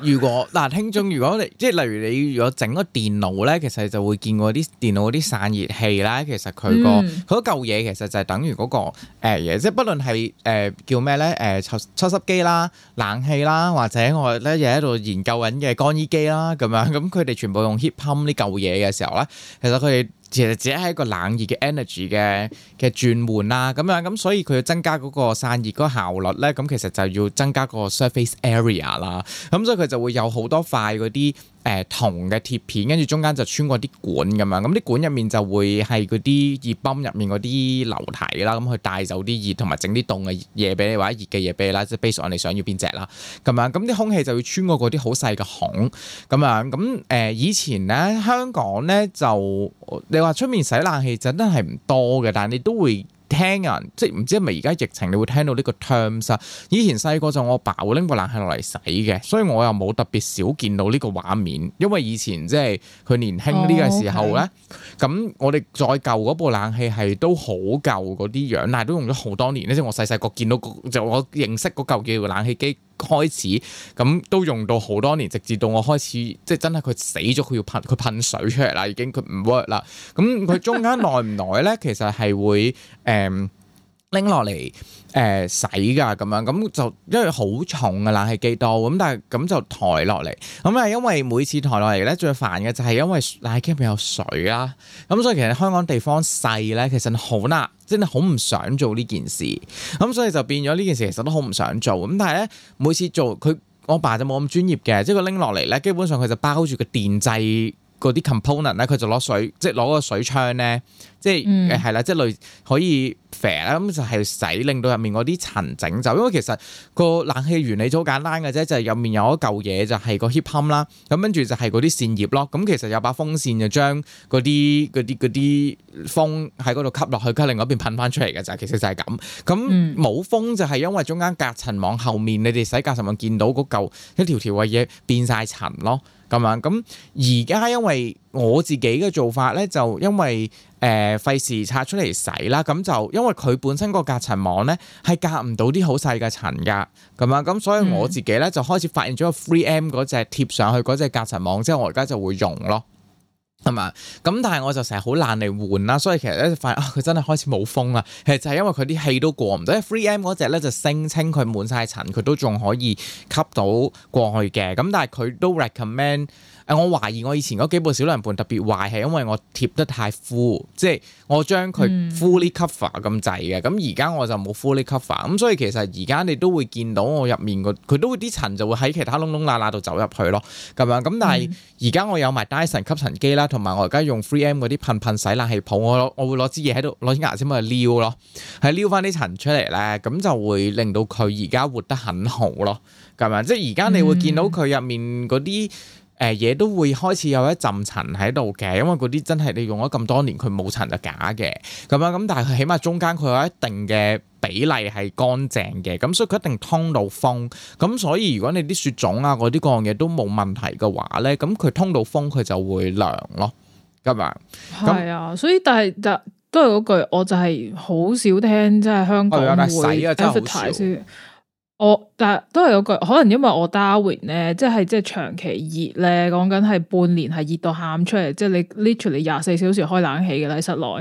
如果嗱，oh. 聽眾，如果你即係例如你如果整個電腦咧，其實就會見過啲電腦嗰啲散熱器啦。其實佢個佢嗰舊嘢其實就係等於嗰、嗰個嘢、呃，即係不論係誒叫咩咧，誒抽抽濕機啦、冷氣啦，或者我咧又喺度研究緊嘅乾衣機啦，咁樣咁佢哋全部用 heat pump 呢舊嘢嘅時候咧，其實佢哋。其實只係一個冷熱嘅 energy 嘅嘅轉換啦，咁樣咁所以佢要增加嗰個散熱嗰個效率咧，咁其實就要增加個 surface area 啦，咁所以佢就會有好多塊嗰啲。誒銅嘅鐵片，跟住中間就穿過啲管咁樣，咁、嗯、啲管入面就會係嗰啲熱泵入面嗰啲流體啦，咁佢帶走啲熱同埋整啲凍嘅嘢俾你，或者熱嘅嘢俾你啦，即係 base 上你想要邊隻啦，咁樣，咁啲空氣就會穿過嗰啲好細嘅孔，咁、嗯、啊，咁、嗯、誒、嗯嗯、以前咧香港咧就你話出面洗冷氣就真係唔多嘅，但係你都會。聽人即係唔知係咪而家疫情，你會聽到呢個 terms 啊！以前細個就我爸會拎部冷氣落嚟洗嘅，所以我又冇特別少見到呢個畫面，因為以前即係佢年輕呢個時候咧，咁、oh, okay. 我哋再舊嗰部冷氣係都好舊嗰啲樣，但係都用咗好多年。即、就、係、是、我細細個見到就我認識嗰舊嘅冷氣機開始，咁都用到好多年，直至到我開始即係真係佢死咗，佢要噴佢噴水出嚟啦，已經佢唔 work 啦。咁佢中間耐唔耐咧，其實係會誒。 誒，拎落嚟誒，洗噶，咁樣，咁就因為好重㗎喇，冷氣機多，咁但係咁就抬落嚟，咁、嗯、啊，因為每次抬落嚟咧，最煩嘅就係因為冷氣機入邊有水啦，咁、嗯、所以其實香港地方細咧，其實好難，真係好唔想做呢件事，咁、嗯、所以就變咗呢件事其實都好唔想做，咁但係咧每次做，佢我爸就冇咁專業嘅，即係佢拎落嚟咧，基本上佢就包住個電掣。嗰啲 component 咧，佢就攞水，即係攞個水槍咧，即係係啦，即係類可以啡啦，咁就係、是、洗，令到入面嗰啲塵整走。因為其實個冷氣原理都好簡單嘅啫，就係、是、入面有一嚿嘢就係個 heat pump 啦，咁跟住就係嗰啲扇葉咯。咁其實有把風扇就將嗰啲啲啲風喺嗰度吸落去，跟住另外一邊噴翻出嚟嘅就係其實就係咁。咁冇風就係因為中間隔塵網後面，你哋洗隔塵網見到嗰嚿一條條嘅嘢變晒塵咯。咁樣，咁而家因為我自己嘅做法咧，就因為誒費事拆出嚟洗啦，咁就因為佢本身個隔塵網咧係隔唔到啲好細嘅塵噶，咁樣，咁所以我自己咧就開始發現咗個 3M 嗰隻貼上去隻隔塵網之後，我而家就會用咯。係嘛？咁、 嗯、但係我就成日好懶嚟換啦，所以其實咧就發現啊，佢真係開始冇風啦。其實就係因為佢啲氣都過唔到。free m 嗰隻咧就聲稱佢滿晒塵，佢都仲可以吸到過去嘅。咁但係佢都 recommend。誒，我懷疑我以前嗰幾部小良伴特別壞係因為我貼得太 full，即係我將佢 fully cover 咁滯嘅。咁而家我就冇 fully cover，咁所以其實而家你都會見到我入面個佢都會啲塵就會喺其他窿窿罅罅度走入去咯，咁樣？咁但係而家我有埋 Dyson 吸塵機啦，同埋我而家用 3M 嗰啲噴噴洗冷氣泡，我我會攞支嘢喺度攞支牙先去撩咯，係撩翻啲塵出嚟咧，咁就會令到佢而家活得很好咯，咁樣？即係而家你會見到佢入面嗰啲。嗯誒嘢、呃、都會開始有一陣塵喺度嘅，因為嗰啲真係你用咗咁多年，佢冇塵就假嘅咁樣。咁但係佢起碼中間佢有一定嘅比例係乾淨嘅，咁所以佢一定通到風。咁所以如果你啲雪種啊嗰啲各樣嘢都冇問題嘅話咧，咁佢通到風佢就會涼咯，咁樣。係啊，樣，所以但係就都係嗰句，我就係好少聽，即、就、係、是、香港會 a d v e 我但係都係嗰句，可能，因為我 Darwin 咧，即係即係長期熱咧，講緊係半年係熱到喊出嚟，即係你 literally 廿四小時開冷氣嘅啦，喺室內。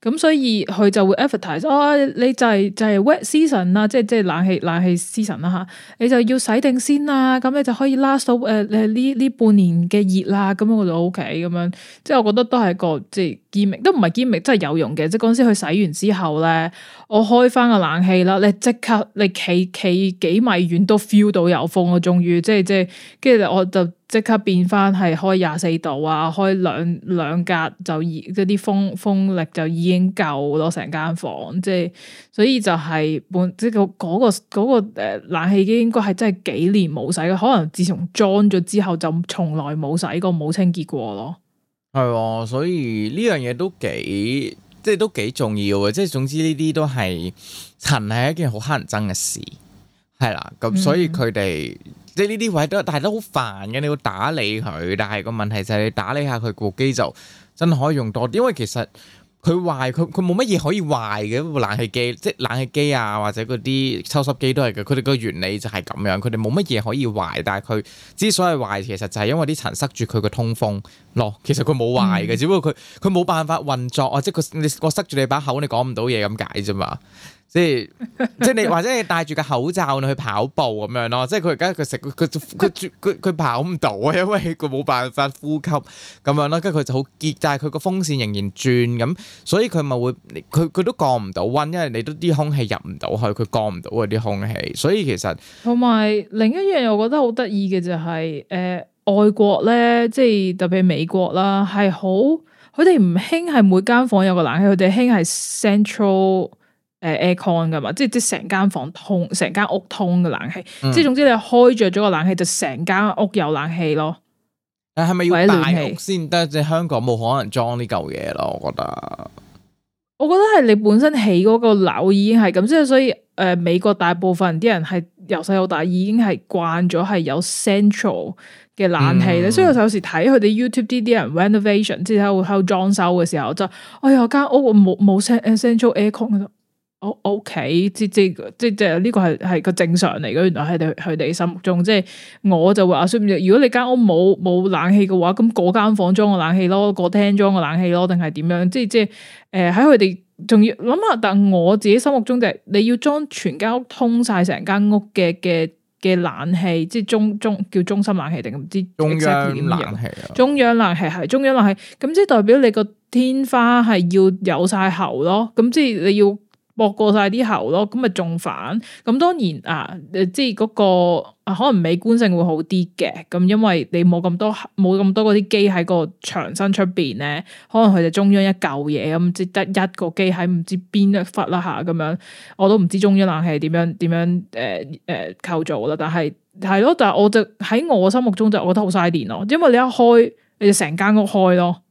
咁所以佢就會 advertise 哦，你就係就係 wet season 啦，即係即係冷氣冷氣 season 啦吓，你就要洗定先啦，咁你就可以 last 到誒誒呢呢半年嘅熱啦，咁我就 ok 咁樣。即係我覺得都係個即係。gimmick 都唔係 gimmick，真係有用嘅。即嗰陣時佢洗完之後咧，我開翻個冷氣啦，你即刻你企企幾米遠都 feel 到有風。我終於即係即係，跟住我就即刻變翻係開廿四度啊，開兩兩格就即啲風風力就已經夠咯，成間房即係，所以就係本即係嗰個嗰個誒冷氣機應該係真係幾年冇洗嘅，可能自從裝咗之後就從來冇洗過，冇清潔過咯。係，所以呢樣嘢都幾，即係都幾重要嘅。即係總之呢啲都係塵，係一件好乞人憎嘅事，係啦。咁所以佢哋即係呢啲位都，但係都好煩嘅。你要打理佢，但係個問題就係你打理下佢部機就真係可以用多啲。因為其實。佢壞，佢佢冇乜嘢可以壞嘅部冷氣機，即係冷氣機啊，或者嗰啲抽濕機都係嘅。佢哋個原理就係咁樣，佢哋冇乜嘢可以壞，但係佢之所以壞，其實就係因為啲塵塞住佢個通風咯、哦。其實佢冇壞嘅，嗯、只不過佢佢冇辦法運作啊，即係你我塞住你把口，你講唔到嘢咁解啫嘛。 即係即係你或者你戴住個口罩去跑步咁樣咯，即係佢而家佢食佢佢佢佢佢跑唔到啊，因為佢冇辦法呼吸咁樣咯，跟住佢就好結，但係佢個風扇仍然轉咁，所以佢咪會佢佢都降唔到溫，因為你都啲空氣入唔到去，佢降唔到嗰啲空氣，所以其實同埋另一樣，又覺得好得意嘅就係、是、誒、呃、外國咧，即係特別美國啦，係好佢哋唔興係每間房有個冷氣，佢哋興係 central。誒，aircon 噶嘛，con, 即係即係成間房通，成間屋通嘅冷氣，即係、嗯、總之你開着咗個冷氣，就成間屋有冷氣咯。但係咪要大屋先？得，即係香港冇可能裝呢舊嘢咯，我覺得。我覺得係你本身起嗰個樓已經係咁，即係所以誒、呃，美國大部分啲人係由細到大已經係慣咗係有 central 嘅冷氣咧。嗯、所以有時睇佢哋 YouTube 啲啲人 renovation，即係喺度喺度裝修嘅時候，就哎呀間屋冇冇 central aircon O O K，即即即即係呢、這個係係個正常嚟嘅。原來喺佢哋心目中，即係我就話，如果你間屋冇冇冷氣嘅話，咁、那、嗰、個、間房裝個冷氣咯、那個，個廳裝個冷氣咯，定係點樣？即係即係誒，喺佢哋仲要諗下。但我自己心目中就係你要裝全間屋，屋通晒成間屋嘅嘅嘅冷氣，即係中中叫中心冷氣定唔知中央冷氣？中央冷氣係中央冷氣，咁太、嗯、即係代表你個天花係要有晒喉咯。咁即係你要。博過晒啲喉咯，咁咪仲煩。咁當然啊，呃、即係嗰、那個、啊、可能美觀性會好啲嘅。咁因為你冇咁多冇咁多嗰啲機喺個牆身出邊咧，可能佢就中央一嚿嘢咁，即、嗯、得一個機喺唔知邊一忽啦下咁樣。我都唔知中央冷氣點樣點樣誒誒、呃呃、構造啦。但係係咯，但係我就喺我心目中就我覺得好嘥電咯，因為你一開你就成間屋開咯。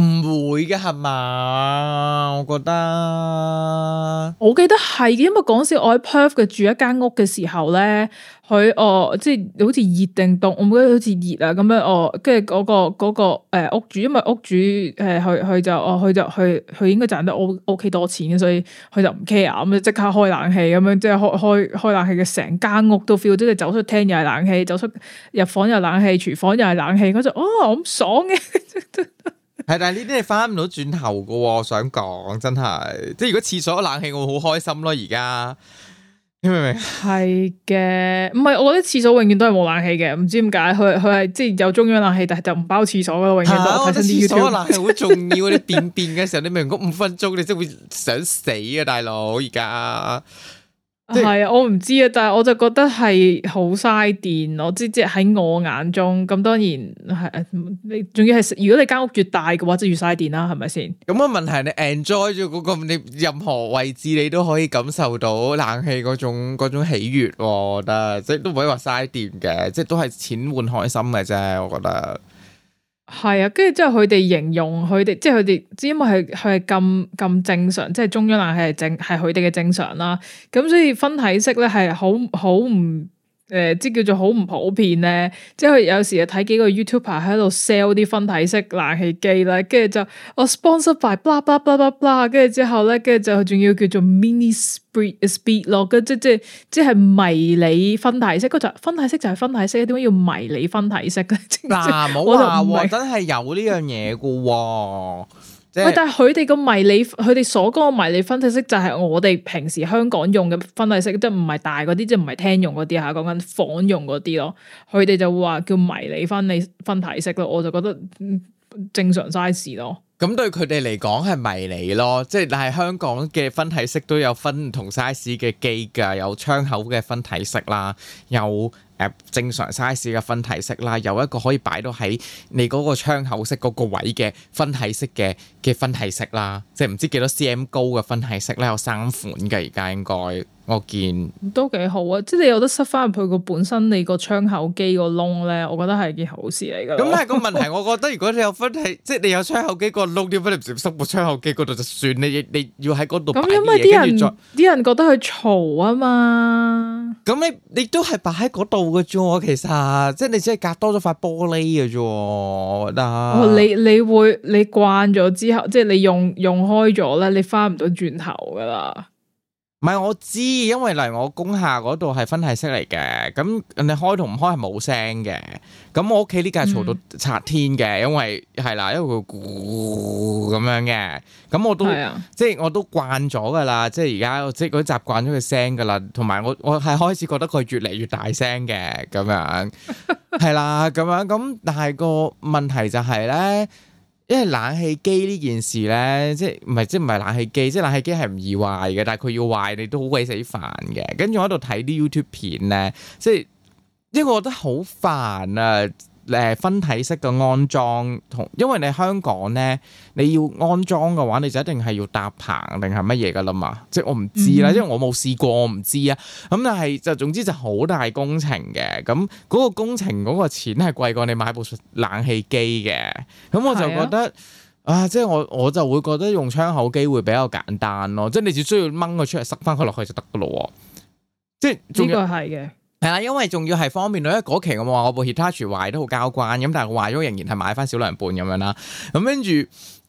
唔會嘅係嘛？我覺得、啊，我記得係嘅，因為嗰時，我喺 Perth 嘅住一間屋嘅時候咧，佢哦，即係好似熱定凍，我唔記得好似熱啊咁樣哦，跟住嗰個嗰、嗰個誒、呃、屋主，因為屋主誒佢佢就哦佢就佢佢應該賺得 OK 多錢嘅，所以佢就唔 care，咁就即刻開冷氣，咁樣即係開開開冷氣嘅成間屋都 feel，即係走出廳又係冷氣，走出入房又冷氣，廚房又係冷氣，就哦、我就哦咁爽嘅、啊。 係但係呢啲你翻唔到轉頭噶，我想講真係，即係如果廁所冷氣我會好開心咯，而家你明唔明？係嘅，唔係我覺得廁所永遠都係冇冷氣嘅，唔知點解佢佢係即係有中央冷氣，但係就唔包廁所咯，永遠都。啊、廁所嘅冷氣好重要，你便便嘅時候你明用嗰五分鐘， 你即會想死啊！大佬而家。係啊，我唔知啊，但係我就覺得係好嘥電咯，即即喺我眼中咁，當然係你仲要係，如果你間屋越大嘅話，就越嘥電啦，係咪先？咁個問題你 enjoy 咗嗰個，你任何位置你都可以感受到冷氣嗰種嗰種喜悅，我覺得即都唔可以話嘥電嘅，即都係錢換開心嘅啫，我覺得。係啊，跟住之後佢哋形容佢哋，即係佢哋，只因為係佢係咁咁正常，即係中央冷氣係正係佢哋嘅正常啦。咁所以分體式咧係好好唔。誒、呃，即叫做好唔普遍咧，即佢有時啊睇幾個 YouTuber 喺度 sell 啲分體式冷氣機啦，跟住就我 sponsor by blah blah blah blah blah，跟住之後咧，跟住就仲要叫做 mini split split 咯，跟即即即係迷你分體式，個就分體式就係分體式，點解要迷你分體式嘅？嗱、 啊，唔好話喎，真係有呢樣嘢嘅喎。 喂，但係佢哋個迷你，佢哋所講嘅迷你分體式就係我哋平時香港用嘅分體式，即係唔係大嗰啲，即係唔係聽用嗰啲吓，講緊房用嗰啲咯。佢哋就會話叫迷你分你分體式咯，我就覺得正常 size 咯。咁對佢哋嚟講係迷你咯，即係但係香港嘅分體式都有分唔同 size 嘅機噶，有窗口嘅分體式啦，有。正常 size 嘅分體式啦，有一個可以擺到喺你嗰個窗口式嗰個位嘅分體式嘅嘅分體式啦，即係唔知幾多 cm 高嘅分體式，咧，有三款嘅，而家應該。我見都幾好啊，即係你有得塞翻入去個本身你個窗口機個窿咧，我覺得係件好事嚟噶。咁但係個問題，我覺得如果你有分體， 即係你有窗口機個窿，點解你唔直接塞部窗口機嗰度就算？你你要喺嗰度咁，因為啲人啲人覺得佢嘈啊嘛。咁你你都係擺喺嗰度嘅啫，其實即係你只係隔多咗塊玻璃嘅啫。嗱、啊，你會你會你慣咗之後，即係你用用開咗咧，你翻唔到轉頭噶啦。唔係，我知，因為嚟我工廈嗰度係分體式嚟嘅，咁人哋開同唔開係冇聲嘅，咁我屋企呢架嘈到拆天嘅、嗯，因為係啦，因為佢咁樣嘅，咁我都、嗯、即係我都慣咗噶啦，即係而家即係我都習慣咗佢聲噶啦，同埋我我係開始覺得佢越嚟越大聲嘅，咁樣係啦，咁樣咁，但係個問題就係咧。因為冷氣機呢件事咧，即係唔係即係唔係冷氣機，即係冷氣機係唔易壞嘅，但係佢要壞你都好鬼死煩嘅。跟住我喺度睇啲 YouTube 片咧，即係因為我覺得好煩啊！誒分體式嘅安裝同，因為你香港咧，你要安裝嘅話，你就一定係要搭棚定係乜嘢噶啦嘛？即係我唔知啦，因為、嗯、我冇試過，我唔知啊。咁但係就總之就好大工程嘅。咁嗰個工程嗰個錢係貴過你買部冷氣機嘅。咁我就覺得啊，啊，即係我我就會覺得用窗口機會比較簡單咯。即係你只需要掹佢出嚟，塞翻佢落去就得噶啦。即係呢個係嘅。係啦，因為仲要係方便到，一嗰期我話我部 Hitachi 壞都好交關，咁但係我壞咗，仍然係買翻小良半咁樣啦，咁跟住。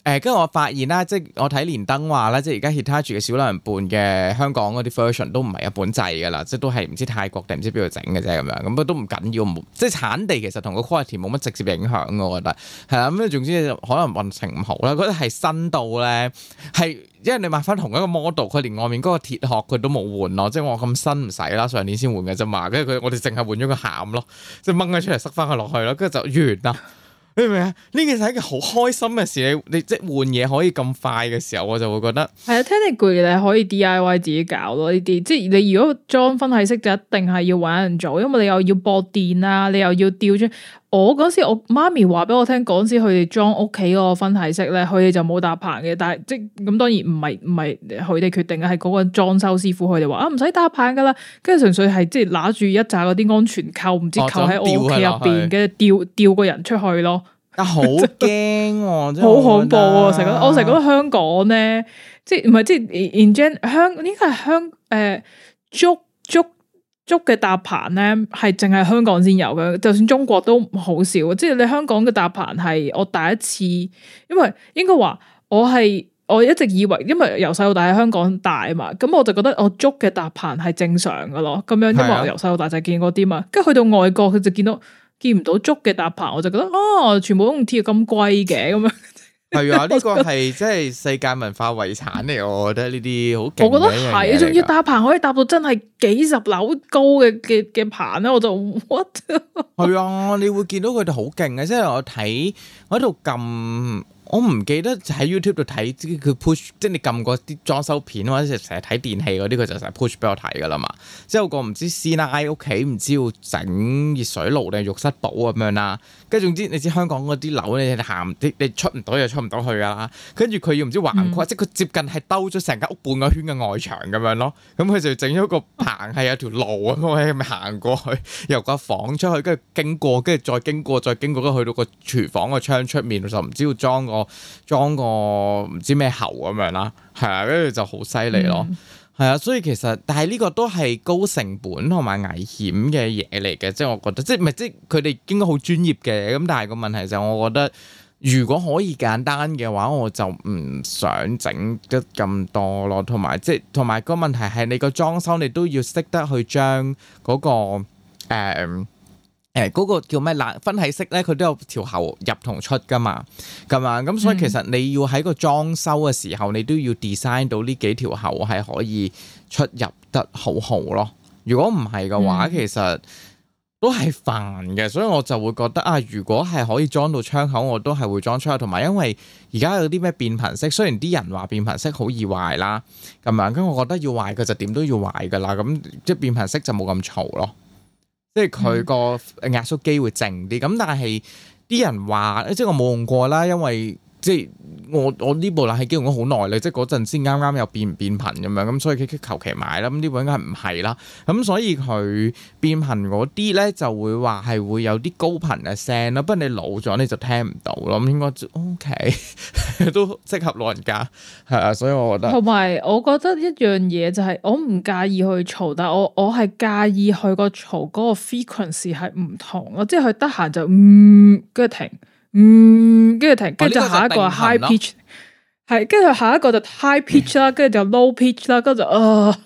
誒，跟住、呃、我發現啦，即係我睇連登話啦，即係而家 Hitachi 嘅小兩半嘅香港嗰啲 version 都唔係一本製㗎啦，即係都係唔知泰國定唔知邊度整嘅啫咁樣，咁都唔緊要，即係產地其實同個 quality 冇乜直接影響我覺得，係啦，咁啊，總之可能運程唔好啦，覺得係新到咧，係因為你買翻同一個 model，佢連外面嗰個鐵殼佢都冇換咯，即係我咁新唔使啦，上年先換嘅啫嘛，跟住佢我哋淨係換咗個餡咯，即係掹咗出嚟塞翻佢落去咯，跟住就完啦。 明唔明啊？呢件事係一件好開心嘅事，你即係換嘢可以咁快嘅時候，我就會覺得係啊。聽你攰嘅你可以 D I Y 自己搞咯，呢啲即係你如果裝分體式就一定係要搵人做，因為你又要駁電啊，你又要吊出。我嗰時我媽咪話俾我聽，嗰時佢哋裝屋企嗰個分體式咧，佢哋就冇搭棚嘅。但係即咁，當然唔係唔係佢哋決定嘅，係嗰個裝修師傅佢哋話啊，唔使搭棚噶啦。跟住純粹係即係拿住一扎嗰啲安全扣，唔知扣喺屋企入邊，跟住吊吊個人出去咯。但係好驚、啊，好恐怖啊！成日我成日、啊、覺得香港咧，即係唔係即係 in in gen 香呢個係香誒，足、呃、足。竹嘅搭棚咧，係淨係香港先有嘅，就算中國都唔好少。即係你香港嘅搭棚係我第一次，因為應該話我係我一直以為，因為由細到大喺香港大啊嘛，咁我就覺得我竹嘅搭棚係正常嘅咯。咁樣，因為我由細到大就見過啲嘛，跟是、啊、去到外國佢就見到見唔到竹嘅搭棚，我就覺得哦，全部都用鐵咁貴嘅咁樣。係 啊，呢、這個係即係世界文化遺產嚟，這個、 我覺得呢啲好勁。我覺得係，仲要搭棚可以搭到真係幾十樓高嘅嘅嘅棚咧，我就 What？係 啊，你會見到佢哋好勁嘅，即係我睇我喺度撳。我唔記得喺 YouTube 度睇，佢 push，即係你撳過啲裝修片或者成日睇電器嗰啲，佢就成日 push 俾我睇噶啦嘛。即係有個唔知師奶屋企唔知要整熱水爐定浴室寶咁樣啦，跟住總之你知香港嗰啲樓你行，你出唔到又出唔到去噶啦。跟住佢要唔知橫跨，嗯、即佢接近係兜咗成間屋半個圈嘅外牆咁樣咯。咁佢就整咗個棚係有條路咁樣喺度行過去，由個房出去，跟住經過，跟住再經過，再經過都去到個廚房個窗出面就唔知要裝。個裝個唔知咩喉咁樣啦，係啊，跟住就好犀利咯，係啊、嗯，所以其實但係呢個都係高成本同埋危險嘅嘢嚟嘅，即、就、係、是、我覺得，即係係即佢哋應該好專業嘅，咁但係個問題就係，我覺得如果可以簡單嘅話，我就唔想整得咁多咯，同埋即係同埋個問題係你個裝修你都要識得去將嗰、那個誒。嗯誒，嗰、欸那個叫咩？冷分體式咧，佢都有條喉入同出噶嘛，咁樣。咁所以其實你要喺個裝修嘅時候，你都要 design 到呢幾條喉係可以出入得好好咯。如果唔係嘅話，其實都係煩嘅。所以我就會覺得啊，如果係可以裝到窗口，我都係會裝窗。同埋因為而家有啲咩變頻式，雖然啲人話變頻式好易壞啦，咁樣，咁我覺得要壞嘅就點都要壞噶啦。咁即係變頻式就冇咁嘈咯。即係佢個壓縮機會靜啲，咁但係啲人話，即係我冇用過啦，因為。即係我我呢部冷氣機用咗好耐啦，即係嗰陣先啱啱又變唔變頻咁樣，咁所以佢求其買啦。咁呢部應該係唔係啦，咁所以佢變頻嗰啲咧，就會話係會有啲高頻嘅聲啦。不過你老咗你就聽唔到咯。咁應該 O K 都適合老人家係啊。所以我覺得同埋我覺得一樣嘢就係我唔介意去嘈，但我我係介意佢個嘈嗰個 frequency 係唔同咯。即係佢得閒就唔跟住停。嗯，跟住停，跟住下一個係 high pitch，係跟住下一個就 high pitch 啦、嗯，跟住就，嗯、就 low pitch 啦，跟住就啊，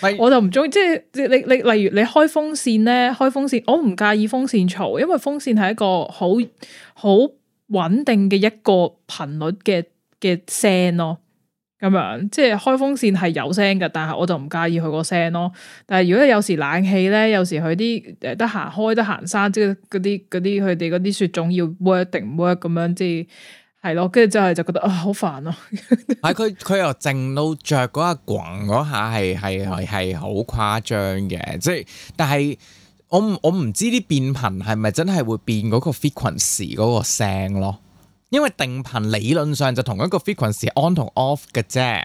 嗯、 我就唔中意，即係你你例如你開風扇咧，開風扇我唔介意風扇嘈，因為風扇係一個好好穩定嘅一個頻率嘅嘅聲咯。咁樣即係開風扇係有聲嘅，但係我就唔介意佢個聲咯。但係如果有時冷氣咧，有時佢啲誒得閒開得行山，即啲嗰啲佢哋嗰啲雪種要 work 定 work 咁樣，即係係咯，跟住之後就覺得啊、哦、好煩咯、啊。係佢佢又靜到着嗰下滾嗰下係係係好誇張嘅，即係但係我我唔知啲變頻係咪真係會變嗰個 frequency 嗰個聲咯。因為定頻理論上就同一個 frequency on 同 off 嘅啫，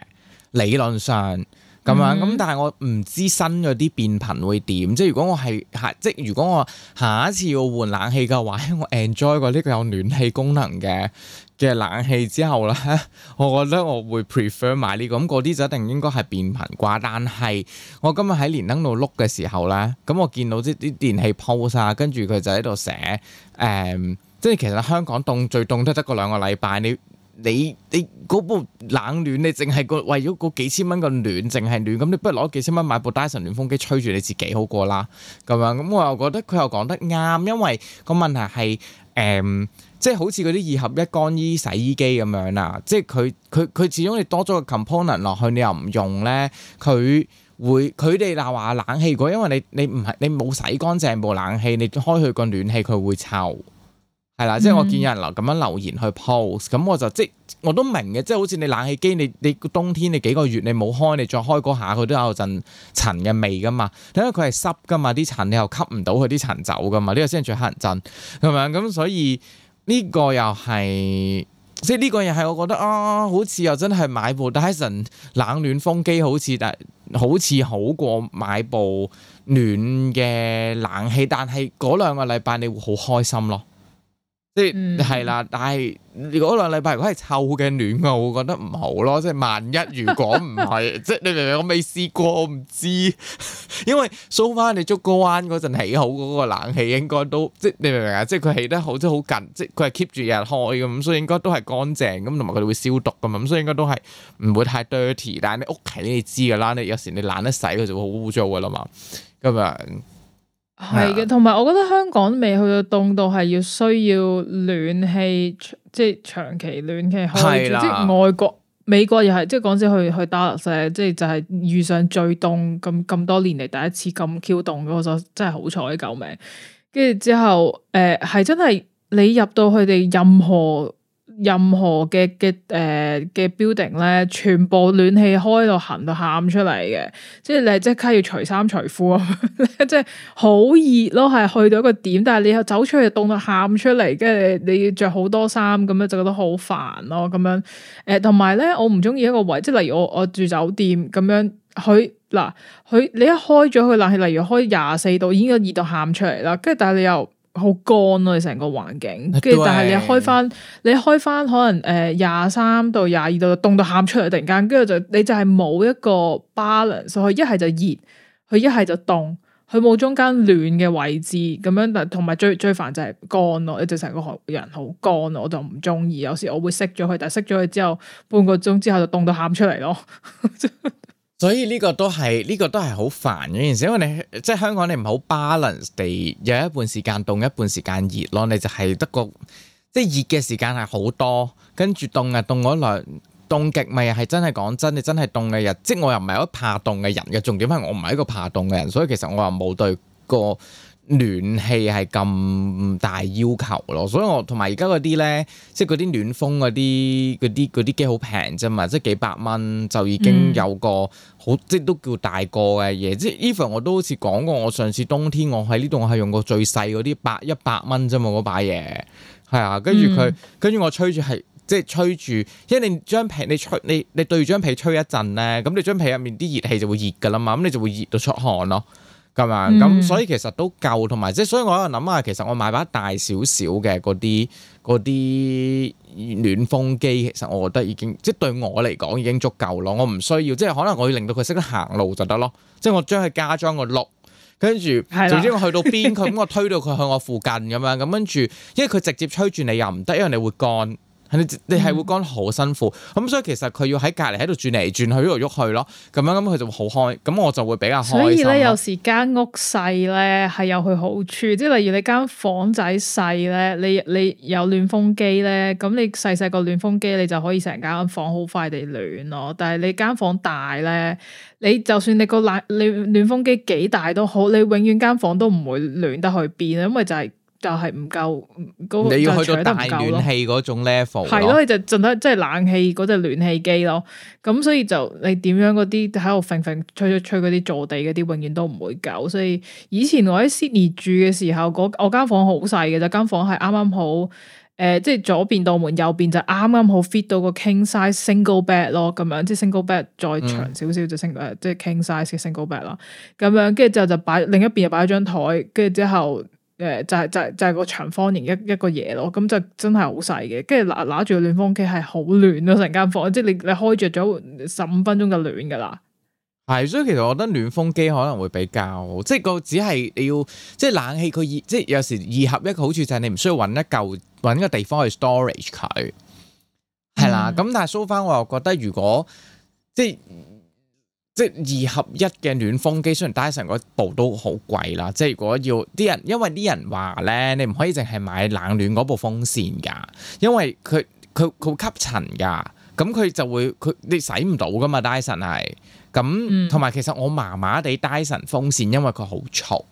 理論上咁樣咁，mm hmm。但係我唔知新嗰啲變頻會點。即係如果我係下，即如果我下一次要換冷氣嘅話，我 enjoy 過呢個有暖氣功能嘅嘅冷氣之後咧， 我覺得我會 prefer 買呢、呢個。咁嗰啲就一定應該係變頻啩。但係我今日喺連登度碌嘅時候咧，咁我見到即啲電器 post 啊，跟住佢就喺度寫誒。Mm hmm。嗯即係其實香港凍最凍都得，得個兩個禮拜。你你你嗰部冷暖，你淨係個為咗嗰幾千蚊個暖，淨係暖咁，你不如攞幾千蚊買部 Dyson 暖風機吹住你自己好過啦。咁樣咁我又覺得佢又講得啱，因為個問題係誒、嗯，即係好似嗰啲二合一乾衣洗衣機咁樣啦。即係佢佢佢始終你多咗個 component 落去，你又唔用咧，佢會佢哋嗱話冷氣，如果因為你你唔係你冇洗乾淨部冷氣，你開佢個暖氣，佢會臭。係啦，即係我見有人留咁樣留言去 post，咁我就即我都明嘅，即係好似你冷氣機，你你冬天你幾個月你冇開，你再開嗰下佢都有陣塵嘅味㗎嘛。因為佢係濕㗎嘛，啲塵你又吸唔到佢啲塵走㗎嘛，呢個先係最乞人憎係咪啊？咁、嗯嗯、所以呢、這個又係即係呢個又係我覺得啊、哦，好似又真係買部戴森冷暖風機，好似但好似好過買部暖嘅冷氣，但係嗰兩個禮拜你會好開心咯。即係啦，嗯、但係嗰兩禮拜如果係臭嘅暖，我會覺得唔好咯。即係萬一如果唔係， 即係你明唔明？我未試過，我唔知。 因為蘇、so、媽你竹篙灣嗰陣起好嗰個冷氣，應該都即你明唔明啊？即係佢起得好，即好近，即佢係 keep 住有人開咁，所以應該都係乾淨咁，同埋佢哋會消毒噶嘛，咁所以應該都係唔會太 dirty。但係你屋企你知噶啦，你有時你懶得洗，佢就會好污糟噶啦嘛。咁啊～係嘅，同埋我覺得香港未去到凍到係要需要暖氣，即係長期暖氣開的即係外國、美國又係，即係嗰陣時去去 Dallas 咧，即係就係遇上最凍咁咁多年嚟第一次咁 Q 凍嗰個，我覺得真係好彩救命。跟住之後，誒、呃、係真係你入到佢哋任何。任何嘅嘅誒嘅 building 咧，全部暖氣開到痕到喊出嚟嘅，即係你脫脫 即刻要除衫除褲啊！即係好熱咯，係去到一個點，但係你又走出去凍到喊出嚟，跟住你，你要著好多衫咁樣，就覺得好煩咯咁樣。誒、呃，同埋咧，我唔中意一個位，即係例如我我住酒店咁樣，佢嗱佢你一開咗佢，冷氣例如開廿四度已經個熱到喊出嚟啦，跟住但係你又。好乾咯，你成個環境，跟住但係你開翻，對你開翻可能誒廿三到廿二度就凍到喊出嚟，突然間，跟住就你就係冇一個 balance，佢一係就熱，佢一係就凍，佢冇中間暖嘅位置咁樣，但同埋最最煩就係乾咯，你就成個人好乾，我就唔中意，有時我會熄咗佢，但係熄咗佢之後半個鐘之後就凍到喊出嚟咯。 所以呢個都係呢個都係好煩嘅件事，因為你即係香港你，你唔好 balance 地有一半時間凍，一半時間熱咯。你就係得個即係熱嘅時間係好多，跟住凍啊凍嗰兩凍極咪係真係講真，你真係凍嘅日，即係我又唔係好怕凍嘅人嘅。重點係我唔係一個怕凍嘅人，所以其實我話冇對個。暖氣係咁大要求咯，所以我同埋而家嗰啲咧，即係嗰啲暖風嗰啲嗰啲啲機好平啫嘛，即係幾百蚊就已經有個好，嗯、即係都叫大個嘅嘢。即係 even 我都好似講過，我上次冬天我喺呢度我係用過最細嗰啲百一百蚊啫嘛嗰把嘢，係啊，跟住佢跟住我吹住係即係吹住，因為你張被，你吹你你對住張被吹一陣咧，咁你張被入面啲熱氣就會熱㗎啦嘛，咁你就會熱到出汗咯。咁啊，咁、嗯、所以其實都夠，同埋即係，所以我喺度諗下，其實我買把大少少嘅嗰啲啲暖風機，其實我覺得已經即係對我嚟講已經足夠咯。我唔需要，即係可能我要令到佢識得行路就得咯。即係我將佢加裝個轆，跟住總之我去到邊佢咁，我推到佢向我附近咁樣咁跟住，因為佢直接吹住你又唔得，因為你會乾。你你係會覺得好辛苦，咁、嗯嗯、所以其實佢要喺隔離喺度轉嚟轉去喐嚟喐去咯，咁樣咁佢就會好開，咁我就會比較開心。所以咧，嗯、有時間屋細咧係有佢好處，即係例如你間房仔細咧，你你有暖風機咧，咁你細細個暖風機你就可以成間房好快地暖咯。但係你間房大咧，你就算你個冷你暖風機幾大都好，你永遠間房都唔會暖得去邊啊，因為就係、是。就係唔夠唔夠你要去到大暖氣嗰種 level，係咯，你、嗯、就盡得即係冷氣嗰隻暖氣機咯。咁所以就你點樣嗰啲喺度揈揈吹吹吹嗰啲坐地嗰啲，永遠都唔會夠。所以以前我喺 Sydney 住嘅時候，我間房好細嘅，就間房係啱啱好，誒、呃，即係左邊度門，右邊就啱啱好 fit 到個 king size single bed 咯，咁樣即係 single bed 再長少少、嗯、就成，即係 king size single bed 咯。咁樣跟住之後就擺另一邊又擺張台，跟住之後。誒、就是，就係、是、就係就係個長方形一一個嘢咯，咁就真係好細嘅。跟住拿拿住個暖風機係好暖咯，成間房，即係你你開著咗十五分鐘嘅暖噶啦。係，所以其實我覺得暖風機可能會比較，即係個只係你要，即係冷氣佢二，即係有時二合一嘅好處就係你唔需要揾一嚿揾個地方去 storage 佢，係啦。咁、嗯、但係收翻我又覺得如果即係。即係二合一嘅暖風機，雖然戴森嗰部都好貴啦。即係如果要啲人，因為啲人話咧，你唔可以淨係買冷暖嗰部風扇㗎，因為佢佢佢吸塵㗎，咁佢就會佢你使唔到㗎嘛。戴森係咁，同埋、嗯、其實我麻麻地戴森風扇，因為佢好嘈，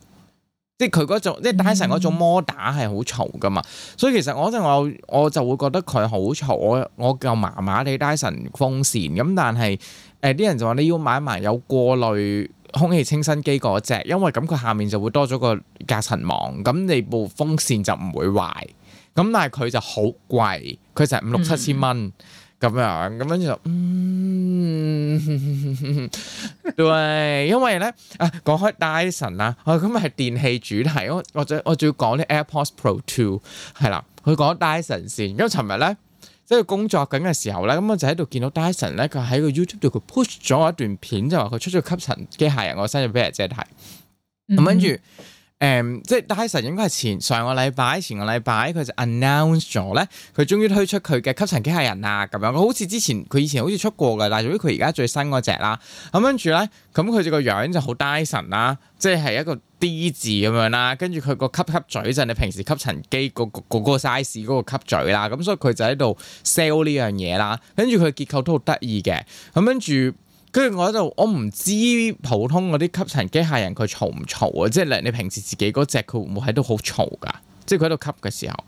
即係佢嗰種即係戴森嗰種摩打係好嘈㗎嘛。嗯、所以其實我嗰我我就會覺得佢好嘈，我我夠麻麻地戴森風扇咁，但係。誒啲、呃、人就話你要買埋有過濾空氣清新機嗰隻，因為咁佢下面就會多咗個隔塵網，咁你部風扇就唔會壞。咁但係佢就好貴，佢就成五六七千蚊咁、嗯、樣，咁樣就嗯， 對，因為咧啊講開戴森啊，我、啊、今日係電器主題，我我仲要講啲 AirPods Pro Two 係啦，佢講戴森先。咁尋日咧。即係工作緊嘅時候咧，咁我就喺度見到 Dyson 咧，佢喺個 YouTube 度佢 push 咗一段片，就話佢出咗吸塵機械人，我 send 咗俾阿姐睇，嗯、咁跟住。誒、嗯，即 Dyson 應該係前上個禮拜，前個禮拜佢就 announce 咗咧，佢終於推出佢嘅吸塵機械人啊。咁樣。佢好似之前佢以前好似出過嘅，但係由於佢而家最新嗰隻啦，咁跟住咧，咁佢個樣就好 Dyson 啦、啊，即係一個 D 字咁樣啦、啊，跟住佢個吸吸嘴就係你平時吸塵機嗰嗰、嗰個嗰個 size 嗰個吸嘴啦，咁所以佢就喺度 sell 呢樣嘢啦，跟住佢結構都好得意嘅，咁跟住。跟住我喺度，我唔知普通嗰啲吸塵機械人佢嘈唔嘈啊？即係你平時自己嗰隻佢會唔會喺度好嘈噶？即係佢喺度吸嘅時候，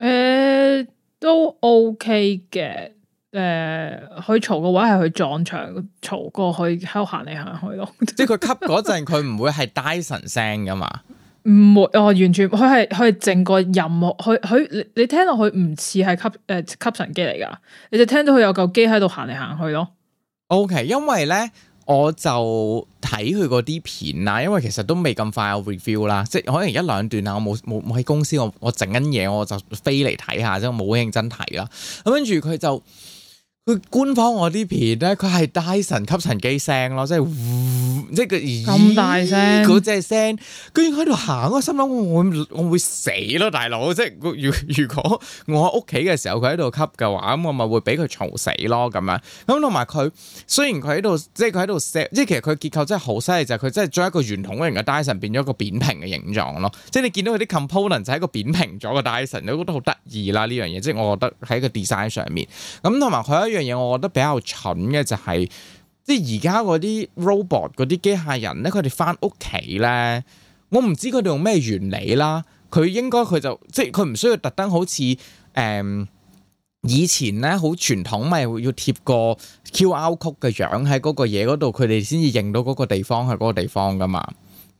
誒、欸，都 OK 嘅。誒、欸，佢嘈嘅話係佢撞牆嘈過去，喺度行嚟行去咯。即係佢吸嗰陣，佢唔會係低神聲噶嘛？唔會哦，完全佢係佢係整個音幕，佢佢你你聽落去唔似係吸誒、呃、吸塵機嚟噶，你就聽到佢有嚿機喺度行嚟行去咯。O、okay, K，因為咧，我就睇佢嗰啲片啦。因為其實都未咁快有 review 啦，即係可能一兩段啦。我冇冇喺公司，我我整緊嘢，我就飛嚟睇下即啫，冇好認真睇啦。咁跟住佢就。佢官方我啲片咧，佢係 Dyson 吸塵機聲咯，即係，即係個咁大聲，嗰隻聲，居然喺度行啊！我心諗我我會死咯，大佬，即係如如果我喺屋企嘅時候佢喺度吸嘅話，咁我咪會俾佢嘈死咯，咁樣。咁同埋佢雖然佢喺度，即係佢喺度 set，即係其實佢結構真係好犀利，就係佢真係將一個圓筒型嘅 Dyson 變咗一個扁平嘅形狀咯。即係你見到佢啲 components 就係一個扁平咗嘅 Dyson，我都覺得好得意啦呢樣嘢。即係我覺得喺個 design 上面，咁同埋佢一。呢樣嘢我覺得比較蠢嘅就係、是，即係而家嗰啲 robot 嗰啲機械人咧，佢哋翻屋企咧，我唔知佢哋用咩原理啦。佢應該佢就即係佢唔需要特登好似誒、嗯、以前咧好傳統，咪要貼個 QR 曲嘅樣喺嗰個嘢嗰度，佢哋先至認到嗰個地方係嗰個地方噶嘛。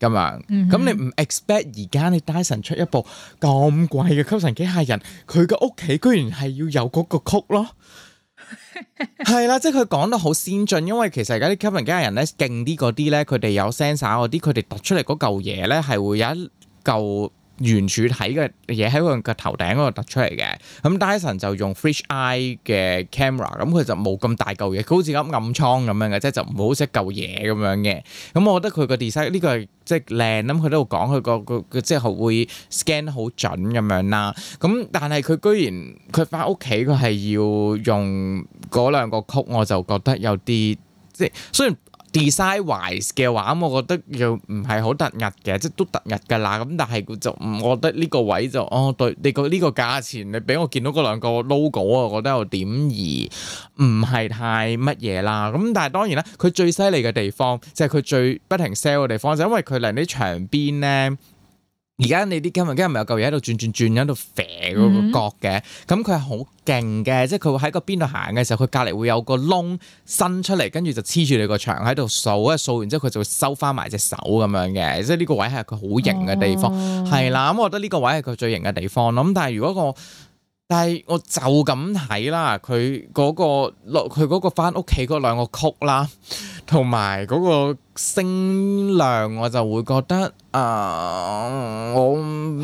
咁樣咁、嗯、哼你唔 expect 而家你 Dyson 出一部咁貴嘅吸塵機械人，佢嘅屋企居然係要有嗰個曲咯？係啦，即係佢講得好先進，因為其實而家啲吸引吉人咧，勁啲嗰啲咧，佢哋有 sensor 嗰啲，佢哋突出嚟嗰嚿嘢咧，係會有一嚿。原柱體嘅嘢喺佢個頭頂嗰度突出嚟嘅，咁戴森就用 Fish Eye 嘅 camera，咁佢就冇咁大嚿嘢，佢好似咁暗瘡咁樣嘅，即係就唔好似一嚿嘢咁樣嘅。咁我覺得佢個 design 呢個係即係靚，咁佢都度講佢個個即係會 scan 好準咁樣啦。咁但係佢居然佢翻屋企佢係要用嗰兩個曲，我就覺得有啲即係雖然。design wise 嘅話，我覺得又唔係好突兀嘅，即係都突兀㗎啦。咁但係就唔，我覺得呢個位就，哦對，你個呢個價錢，你俾我見到嗰兩個 logo 啊，我覺得有點而唔係太乜嘢啦。咁但係當然啦，佢最犀利嘅地方即係佢最不停 sell 嘅地方，就是售售方就是、因為佢嚟啲牆邊咧。而家你啲金物機咪有嚿嘢喺度轉轉轉，喺度斜嗰個角嘅，咁佢係好勁嘅，即係佢會喺個邊度行嘅時候，佢隔離會有個窿伸出嚟，跟住就黐住你個牆喺度掃一掃，掃完之後佢就會收返埋隻手咁樣嘅，即係呢個位係佢好型嘅地方，係啦、哦，咁我覺得呢個位係佢最型嘅地方咯。咁但係如果我，但係我就咁睇啦，佢嗰、嗰個落佢嗰個返屋企嗰兩個曲啦。同埋嗰個聲量，我就會覺得啊、呃，我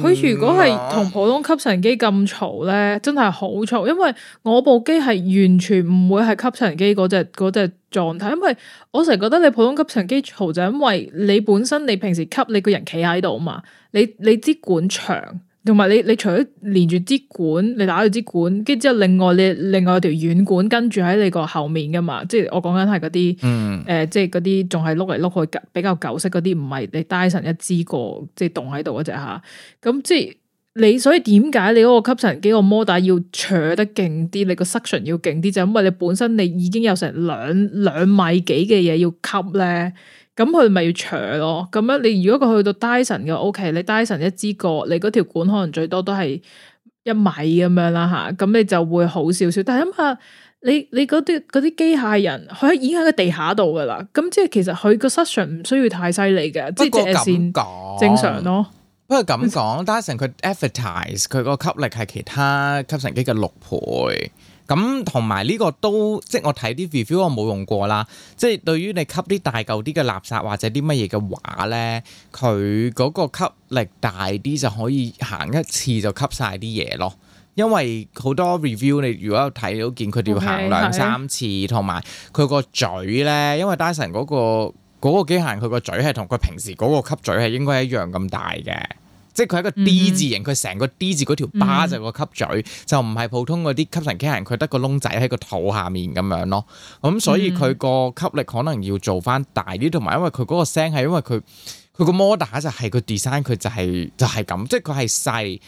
佢、嗯、如果係同普通吸塵機咁嘈咧，真係好嘈，因為我部機係完全唔會係吸塵機嗰隻隻狀態，因為我成日覺得你普通吸塵機嘈就因為你本身你平時吸你個人企喺度嘛，你你支管長。同埋你，你除咗連住支管，你打住支管，跟住之後另，另外你另外有條軟管跟住喺你個後面噶嘛？即係我講緊係嗰啲，誒、嗯呃，即係嗰啲仲係碌嚟碌去，比較舊式嗰啲，唔係你 Dyson 一支過，即係棟喺度嗰隻吓。咁、嗯、即係你，所以點解你嗰個吸塵機個摩打要扯得勁啲，你個 suction 要勁啲就因為你本身你已經有成兩兩米幾嘅嘢要吸咧。咁佢咪要長咯，咁樣你如果佢去到戴森嘅屋企，你戴森一支管，你嗰條管可能最多都係一米咁樣啦吓，咁你就會好少少。但係諗下你你嗰啲嗰啲機械人佢已經喺個地下度噶啦，咁即係其實佢個 suction 唔需要太犀利嘅，不過咁講正常咯。不過咁講，戴森佢、嗯、advertise 佢個吸力係其他吸塵機嘅六倍。咁同埋呢個都即係我睇啲 review 我冇用過啦。即係對於你吸啲大嚿啲嘅垃圾或者啲乜嘢嘅話咧，佢嗰個吸力大啲就可以行一次就吸晒啲嘢咯。因為好多 review 你如果有睇到見佢哋要行兩三次，同埋佢個嘴咧，因為戴森嗰個嗰、嗰個機械人佢個嘴係同佢平時嗰個吸嘴係應該一樣咁大嘅。即係佢係一個 D 字型，佢成、mm hmm. 個 D 字嗰條巴就個吸嘴，mm hmm. 就唔係普通嗰啲吸塵器人，佢得個窿仔喺個肚下面咁樣咯。咁、mm hmm. 嗯、所以佢個吸力可能要做翻大啲，同埋因為佢嗰個聲係因為佢佢個摩打，就係佢 design，佢就係就係咁，即係佢係細。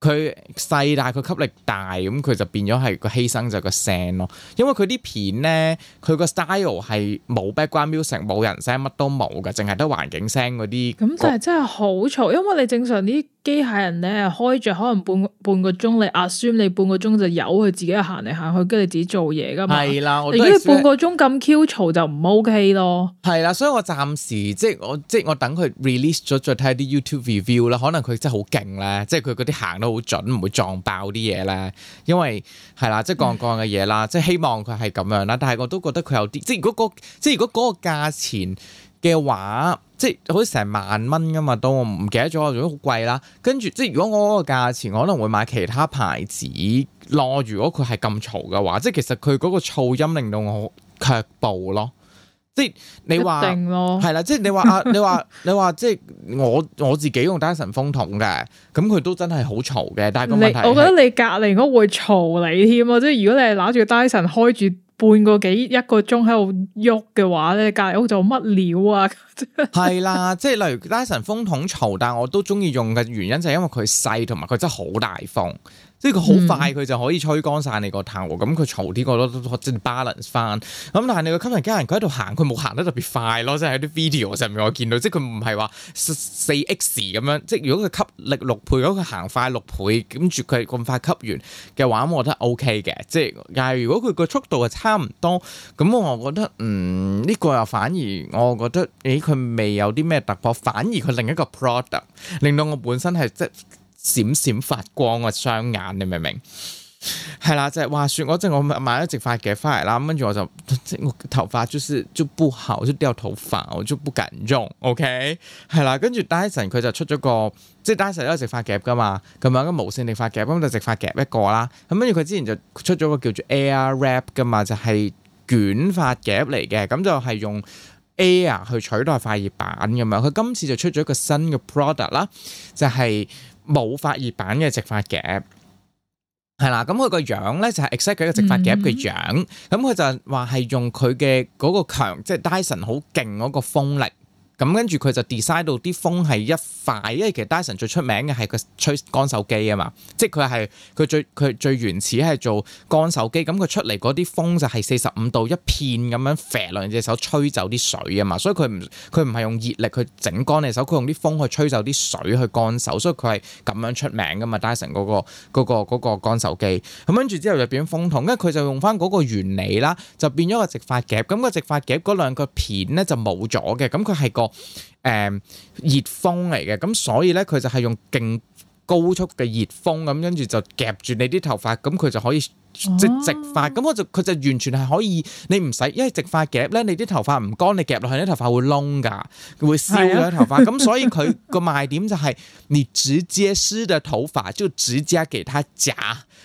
佢細大，佢吸力大，咁佢就變咗係個犧牲，就係個聲咯。因為佢啲片咧，佢個 style 係冇 background music，冇人聲，乜都冇噶，淨係得環境聲嗰啲。咁但係真係好嘈，因為你正常啲。機械人咧開着，可能半半個鐘，你壓酸你半個鐘就由佢自己行嚟行去，跟住自己做嘢噶嘛，係啦，我如果你半個鐘咁 Q 嘈，就唔 OK 咯。係啦，所以我暫時即係我即係我等佢 release 咗再睇下啲 YouTube review 啦，可能佢真係好勁咧，即係佢嗰啲行得好準，唔會撞爆啲嘢咧。因為係啦，即係各、嗯、樣嘅嘢啦，即係希望佢係咁樣啦。但係我都覺得佢有啲，即係如果嗰、嗰個、即係如果個價錢嘅話。即係好似成萬蚊㗎嘛，都我唔記得咗，仲都好貴啦。跟住即係如果我嗰個價錢，我可能會買其他牌子囉。如果佢係咁嘈嘅話，即係其實佢嗰個噪音令到我卻步咯。即係你話，係啦，即係你話啊，你話你話， 即係我我自己用戴森風筒嘅，咁佢都真係好嘈嘅。但係個問題，我覺得你隔離應該會嘈你添啊。即係如果你係攬住戴森開住。半個幾一個鐘喺度喐嘅話咧，隔籬屋就乜料啊！係 啦，即係例如戴森風筒嘈，但我都中意用嘅原因就係因為佢細同埋佢真係好大風。即係佢好快，佢就可以吹乾晒你個頭。咁佢嘈啲個咯，即係 balance 翻。咁、就是、但係你個吸塵家人，佢喺度行，佢冇行得特別快咯。即係喺啲 video 上面我見到，即係佢唔係話四 x 咁樣。即係如果佢吸力六倍，如果佢行快六倍，咁住佢咁快吸完嘅話，我覺得 O K 嘅。即係但係如果佢個速度係差唔多，咁我覺得嗯呢、這個又反而我覺得，誒佢未有啲咩突破，反而佢另一個 product 令到我本身係即係。閃閃發光嘅雙眼，你明唔明？係啦、就是，就係話說，我即係我買咗直髮夾翻嚟啦，咁跟住我就即係我頭髮就是就不好，就掉頭髮，我就不敢用。OK，係啦，跟住戴森佢就出咗個，即係戴森都有直髮夾噶嘛，咁樣個無線直髮夾，咁就直髮夾一個啦，咁跟住佢之前就出咗個叫做 Air Wrap 噶嘛，就係、是、捲髮夾嚟嘅，咁就係用 Air 去取代塊熱板咁樣，佢今次就出咗個新嘅 product 啦，就係、是。冇發熱板嘅直髮夾係啦，咁佢個樣咧、嗯、就係 exact 嘅一個直髮夾嘅樣，咁佢就話係用佢嘅嗰個強，即係 Dyson 好勁嗰個風力。咁跟住佢就 design 到啲風係一塊，因為其實 Dyson 最出名嘅係個吹乾手機啊嘛，即係佢係佢最佢最原始係做乾手機，咁佢出嚟啲風就係四十五度一片咁樣，射落人隻手吹走啲水啊嘛，所以佢唔佢唔係用熱力去整乾你手，佢用啲風去吹走啲水去乾手，所以佢係咁樣出名噶嘛，Dyson、嗰個、嗰個、嗰個嗰個乾手機，咁跟住之後入邊風筒，咁佢就用翻嗰個原理啦，就變咗個直髮夾，咁、個直髮夾嗰兩個片咧就冇咗嘅，咁佢係個。誒，熱、嗯、風嚟嘅，咁所以咧，佢就係用勁高速嘅熱風，咁跟住就夾住你啲頭髮，咁佢就可以即直髮，咁我就佢就完全係可以，你唔使因為直髮夾咧，你啲頭髮唔乾，你夾落去啲頭髮會窿噶，佢會燒咗是、啊、頭髮，咁、嗯、所以佢個賣點就係、是、你直接濕嘅頭髮就直接給它夾。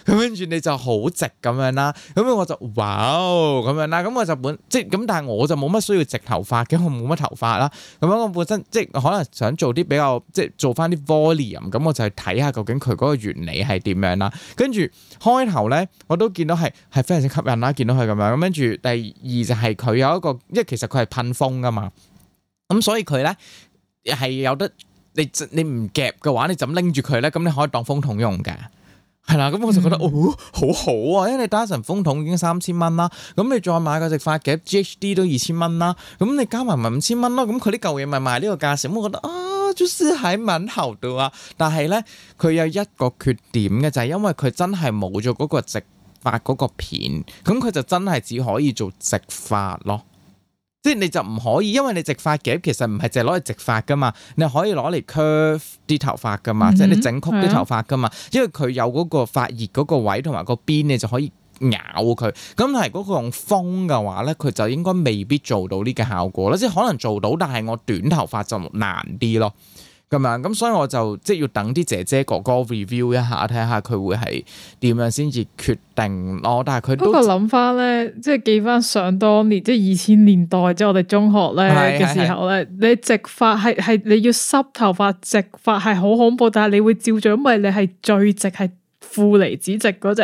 咁跟住你就好直咁樣啦，咁樣我就哇咁、哦、樣啦，咁我就本即咁，但係我就冇乜需要直頭髮嘅，因為我冇乜頭髮啦。咁樣我本身即可能想做啲比較即做翻啲 volume，咁我就去睇下究竟佢嗰個原理係點樣啦。跟住開頭咧，我都見到係係非常之吸引啦，見到佢咁樣。咁跟住第二就係佢有一個，因為其實佢係噴風噶嘛，咁、嗯、所以佢咧係有得你你唔夾嘅話，你就咁拎住佢咧，咁你可以當風筒用嘅。係啦，咁 我就覺得哦，哦，好好啊，因為你單陣風筒已經三千蚊啦，咁你再買個直髮夾，GHD 都二千蚊啦，咁你加埋咪五千蚊啦，咁佢啲舊嘢咪賣呢個價錢，我覺得啊，就是敏蠻度啊，但係咧，佢有一個缺點嘅就係、是、因為佢真係冇咗嗰個直髮嗰個片，咁佢就真係只可以做直髮咯。即係你就唔可以，因為你直髮夾其實唔係淨係攞嚟直髮噶嘛，你可以攞嚟 curve 啲頭髮噶嘛，mm hmm. 即係你整曲啲頭髮噶嘛，Yeah. 因為佢有嗰個發熱嗰個位同埋個邊，你就可以咬佢。咁係如果佢用風嘅話咧，佢就應該未必做到呢個效果囉。即係可能做到，但係我短頭髮就難啲咯。咁樣，咁、嗯、所以我就即係要等啲姐姐哥哥 review 一下，睇下佢會係點樣先至決定咯。但係佢都不過諗翻咧，即係記翻上當年，即係二千年代，即係我哋中學咧嘅時候咧，是是是你直髮係，係你要濕頭髮直髮係好恐怖，但係你會照做，因為你係最直係負離子直嗰隻。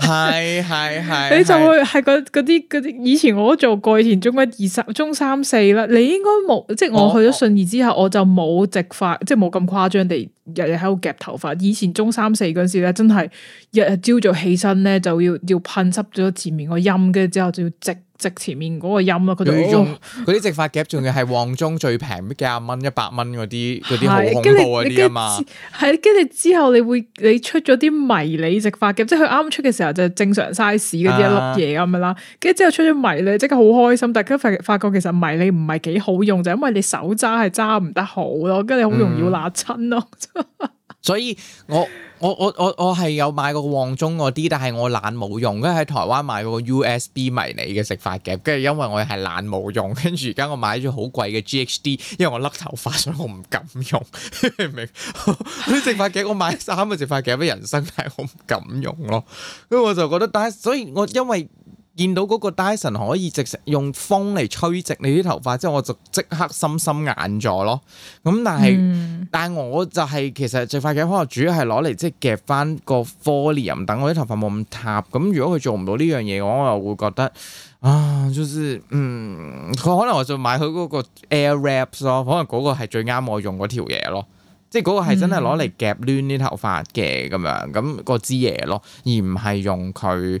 係係係， 你就會係嗰嗰啲嗰啲以前我都做過，以前中一二三中三四啦，你應該冇，即係我去咗信義之後，哦、我就冇直髮，即係冇咁誇張地日日喺度夾頭髮。以前中三四嗰陣時咧，真係日日朝早起身咧就要要噴濕咗前面個陰，跟住之後就要直。直前面嗰個音啊，佢用嗰啲 直髮夾，仲要係旺中最平，咩幾廿蚊、一百蚊嗰啲，嗰啲好恐怖嗰啲啊嘛。係，跟住之後你會你出咗啲迷你直髮夾，即係佢啱出嘅時候就正常 size 嗰啲一粒嘢咁樣啦。跟住之後出咗迷你，即刻好開心，但係佢發發覺其實迷你唔係幾好用，就因為你手揸係揸唔得好咯，跟住好容易拉親咯。 所以我我我我我係有買個旺中嗰啲，但係我懶冇用。跟住喺台灣買個 USB 迷你嘅植髮嘅，跟住因為我係懶冇用。跟住而家我買咗好貴嘅 GHD，因為我甩頭髮，所以我唔敢用。明？ 啲植髮鏡我買三個直髮鏡俾人生，但係我唔敢用咯。跟住我就覺得，但係所以我因為。見到嗰個戴森可以直接用風嚟吹直你啲頭髮，之後我就即刻心心眼咗咯。咁但係、嗯就是，但係我就係其實直髮機可能主要係攞嚟即係夾翻個 volume，等我啲頭髮冇咁塌。咁如果佢做唔到呢樣嘢嘅話，我又會覺得啊，就是嗯，我可能我就買佢嗰個 Airwrap 咯。可能嗰個係最啱我用嗰條嘢咯。即係嗰個係真係攞嚟夾攣啲頭髮嘅咁樣，咁、那個支嘢咯，而唔係用佢。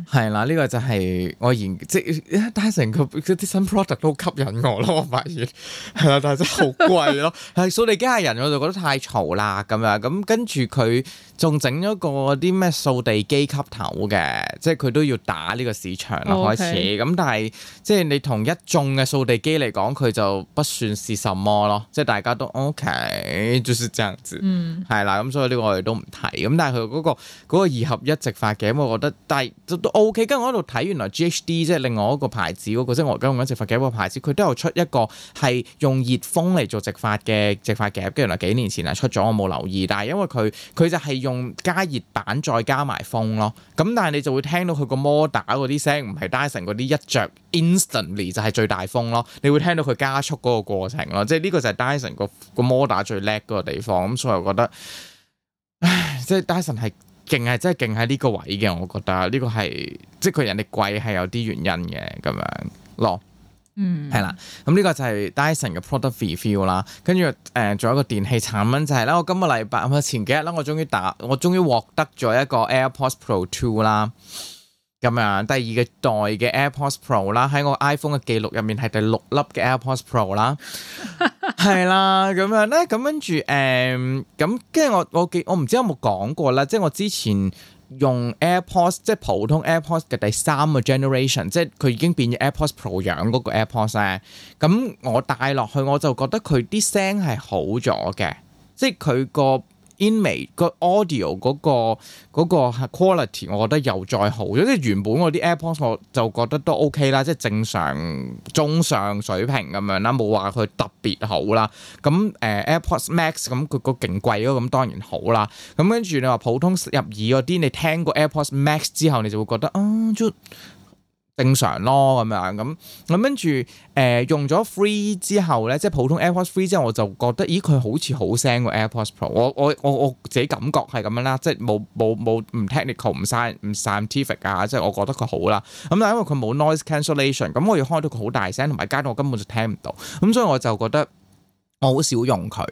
係啦，呢個就係我研即係戴森佢佢啲新 product 都吸引我咯，我發現係啦，但係真係好貴咯。係掃 地機械人我就覺得太嘈啦咁樣，咁跟住佢仲整咗個啲咩掃地機吸頭嘅，即係佢都要打呢個市場咯 Okay. 開始。咁但係即係你同一眾嘅掃地機嚟講，佢就不算是什麼咯，即係大家都 O、okay, K，就是這樣子。係啦、嗯，咁所以呢個我哋都唔提。咁但係佢嗰個嗰、嗰個二合一直髮嘅，咁我覺得但係都、哦 O.K.，跟住我喺度睇，原來 G.H.D. 即係另外一個牌子嗰個，即係我而家用緊直髮夾嗰個牌子，佢都有出一個係用熱風嚟做直髮嘅直髮夾。跟住原來幾年前係出咗，我冇留意，但係因為佢佢就係用加熱板再加埋風咯。咁但係你就會聽到佢個摩打嗰啲聲，唔係 Dyson 嗰啲一着 instantly 就係最大風咯。你會聽到佢加速嗰個過程咯。即係呢個就係 Dyson 個個摩打最叻嗰個地方。咁所以我覺得，唉，即係 Dyson 係。勁係真係勁喺呢個位嘅，我覺得呢個係即係佢人哋貴係有啲原因嘅咁樣咯，嗯，嗯，係啦。咁呢個就係 Dyson 嘅 product review 啦。跟住誒，仲有一個電器產品就係啦。我今個禮拜咁，前幾日啦，我終於打，我終於獲得咗一個 AirPods Pro Two 啦。咁樣，第二個代嘅 AirPods Pro 啦，喺我 iPhone 嘅記錄入面係第六粒嘅 AirPods Pro 啦， 係啦，咁樣咧，咁跟住，誒，咁跟住我我記，我唔知有冇講過啦，即係我之前用 AirPods，即係普通 AirPods 嘅第三個 generation，即係佢已經變咗 AirPods Pro 樣嗰個 AirPods 咧，咁我戴落去，我就覺得佢啲聲係好咗嘅，即係佢個。Inmate、嗰個 audio 嗰、嗰個 quality，我覺得又再好咗。即係原本我啲 AirPods 我就覺得都 OK 啦，即係正常中上水平咁樣啦，冇話佢特別好啦。咁誒、呃、AirPods Max 咁、嗰、佢個勁、嗰個、貴咯，咁、嗰個、當然好啦。咁跟住你話普通入耳嗰啲，你聽過 AirPods Max 之後，你就會覺得啊，正常咯，咁樣咁咁跟住，誒、呃、用咗 Free 之後咧，即係普通 AirPods Free 之後，我就覺得，咦佢好似好聲過 AirPods Pro，我我我我自己感覺係咁樣啦，即係冇冇冇唔 technical 唔 scientific 啊，即係我覺得佢好啦。咁但因為佢冇 noise cancellation，咁我要開到佢好大聲同埋加到我根本就聽唔到，咁所以我就覺得我好少用佢。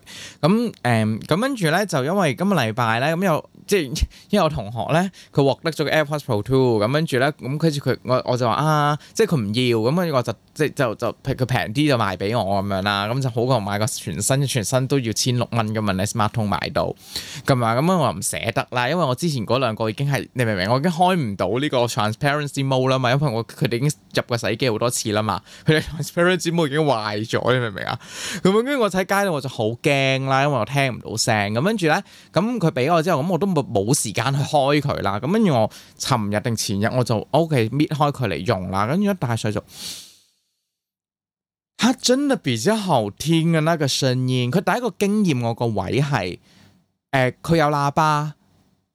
咁誒咁跟住咧，就因為今個禮拜咧，咁、嗯、又。即係因為我同學咧，佢獲得咗個 AirPods Pro Two，咁跟住咧，咁跟住佢我我就話啊，即係佢唔要，咁跟住我就即係就就佢平啲就賣俾我咁樣啦，咁就好過買個全新全新都要千六蚊嘅 m smart 通買到，咁啊咁啊我又唔捨得啦，因為我之前嗰兩個已經係你明唔明？我已經開唔到呢個 transparency mode 啦嘛，因為我佢哋已經入過洗機好多次啦嘛，佢嘅 transparency mode 已經壞咗，你明唔明啊？咁跟住我喺街度我就好驚啦，因為我聽唔到聲，咁跟住咧，咁佢俾我之後，咁我都冇。冇時間去開佢啦，咁跟住我尋日定前日我就 O K 搣開佢嚟用啦，跟住一大水族，佢真係比之好天嘅啦，個聲音。佢第一個驚豔我個位係，誒、呃、佢有喇叭，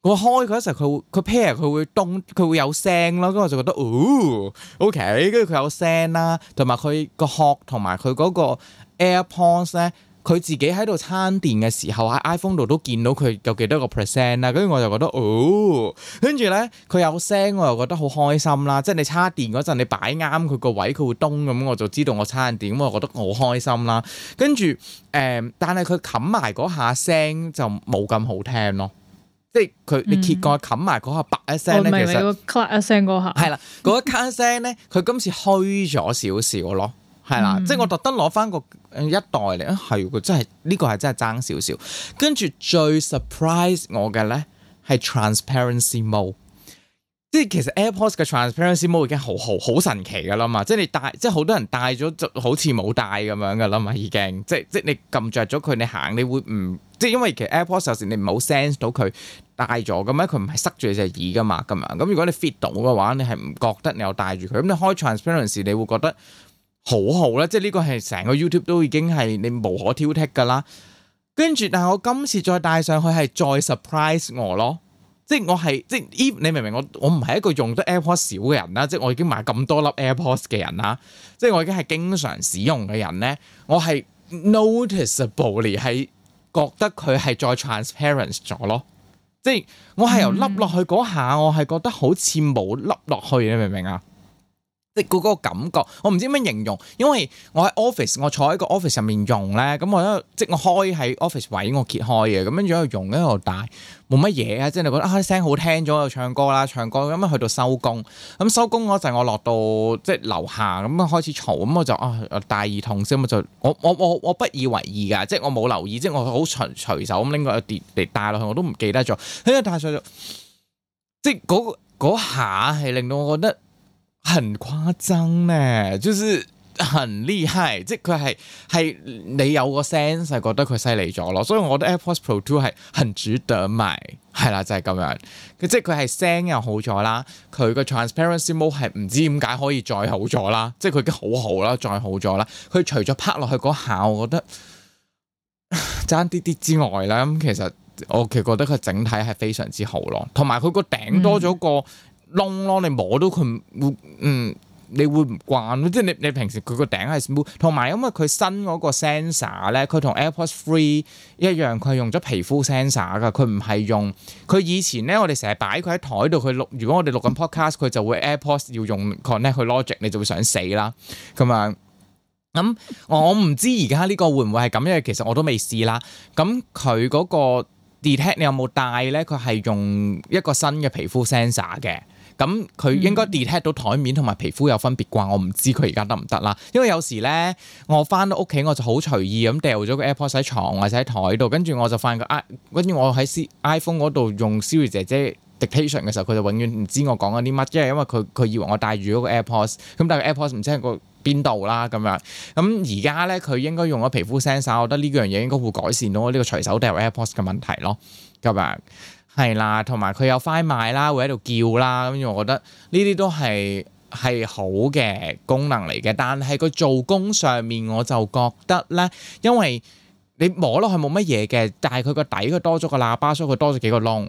我開佢嗰陣時佢會佢 pair 佢會咚，佢會有聲咯，跟住我就覺得哦 O K，跟住佢有聲啦，同埋佢個殼同埋佢嗰個 AirPods 咧。佢自己喺度餐電嘅時候喺 iPhone 度都見到佢有幾多個 percent 啦，跟、啊、住我就覺得哦，跟住咧佢有聲我又覺得好開心啦、啊，即係你插電嗰陣你擺啱佢個位佢會咚咁，我就知道我插緊電，咁我就覺得好開心啦、啊。跟住誒，但係佢冚埋嗰下聲就冇咁好聽咯，即係佢你揭蓋冚埋嗰下，啪一聲咧，其實我明你個 click 一聲嗰下，係 啦，嗰 click 聲咧，佢今次虛咗少少咯。係啦，即係我特登攞翻個一代嚟，係喎，真係呢個係真係爭少少。跟住最 surprise 我嘅咧係 transparency mode，即係其實 AirPods 嘅 transparency mode 已經好好好神奇嘅啦嘛，即係你戴，即係好多人戴咗就好似冇戴咁樣嘅啦嘛，已經，即即係你撳着咗佢，你行你會唔即係因為其實 AirPods 有時你唔好 sense 到佢戴咗咁樣，佢唔係塞住隻耳嘅嘛，咁啊咁如果你 fit 到嘅話，你係唔覺得你有戴住佢，咁你開 transparency 你會覺得。好好啦，即係呢個係成個 YouTube 都已經係你無可挑剔㗎啦。跟住，但係我今次再戴上去係再 surprise 我咯。即係我係即係 e 你明唔明？我我唔係一個用得 AirPods 少嘅人啦。即係我已經買咁多粒 AirPods 嘅人啦。即係我已經係經常使用嘅人咧，我係 noticeably 係覺得佢係再 transparent 咗咯。即係我係由凹落去嗰下，我係覺得好似冇凹落去，你明唔明啊？即嗰個感覺，我唔知點樣形容，因為我喺 office，我坐喺個 office 上面用咧，咁我一即我開喺 office 位，我揭開嘅，咁跟住用一路帶，冇乜嘢啊，即你覺得啊啲聲好聽咗，又唱歌啦，唱歌咁樣去到收工，咁收工嗰陣我落到即樓下咁開始嘈，咁我就啊戴耳筒先，咁就我我我我不以為意噶，即我冇留意，即我好隨，隨手咁拎個碟嚟戴落去，我都唔記得咗，因為戴上咗，即嗰嗰下係令到我覺得。很誇張咧，就是很厲害，即係佢係係你有個 sense 係覺得佢犀利咗咯，所以我覺得 AirPods Pro Two 係很值得買。係啦，就係咁樣。即係佢係聲又好咗啦，佢個 transparency mode 係唔知點解可以再好咗啦，即係佢已經好好啦，再好咗啦。佢除咗拍落去嗰下我覺得差啲啲之外咧，咁其實我其實覺得佢整體係非常之好咯，同埋佢個頂多咗個。嗯窿咯，你摸到佢會嗯，你會唔慣，即係你你平時佢個頂係 smooth，同埋因為佢新嗰個 sensor 咧，佢同 AirPods Three 一樣，佢係用咗皮膚 sensor 噶，佢唔係用。佢以前咧，我哋成日擺佢喺台度，佢錄。如果我哋錄緊 podcast，佢就會 AirPods 要用 connect 去 logic，你就會想死啦咁樣。咁我唔知而家呢個會唔會係咁，因為其實我都未試啦。咁佢嗰個 detect 你有冇戴咧？佢係用一個新嘅皮膚 sensor 嘅。咁佢、嗯、應該 detect 到台面同埋皮膚有分別啩？我唔知佢而家得唔得啦。因為有時咧，我翻到屋企我就好隨意咁掉咗個 AirPods 喺床或者喺台度，跟住我就發現佢，i 跟住我喺 iPhone 嗰度用 Siri 姐姐 dictation 嘅時候，佢就永遠唔知我講緊啲乜，即係因為佢佢以為我戴住嗰個 AirPods，咁但係 AirPods 唔知喺個邊度啦咁樣。咁而家咧，佢應該用咗皮膚 sensor，我覺得呢樣嘢應該會改善到我呢個隨手掉 AirPods 嘅問題咯。咁樣。係啦，同埋佢有快賣啦，會喺度叫啦，咁我覺得呢啲都係係好嘅功能嚟嘅。但係個做工上面我就覺得咧，因為你摸落去冇乜嘢嘅，但係佢個底佢多咗個喇叭，所以佢多咗幾個窿。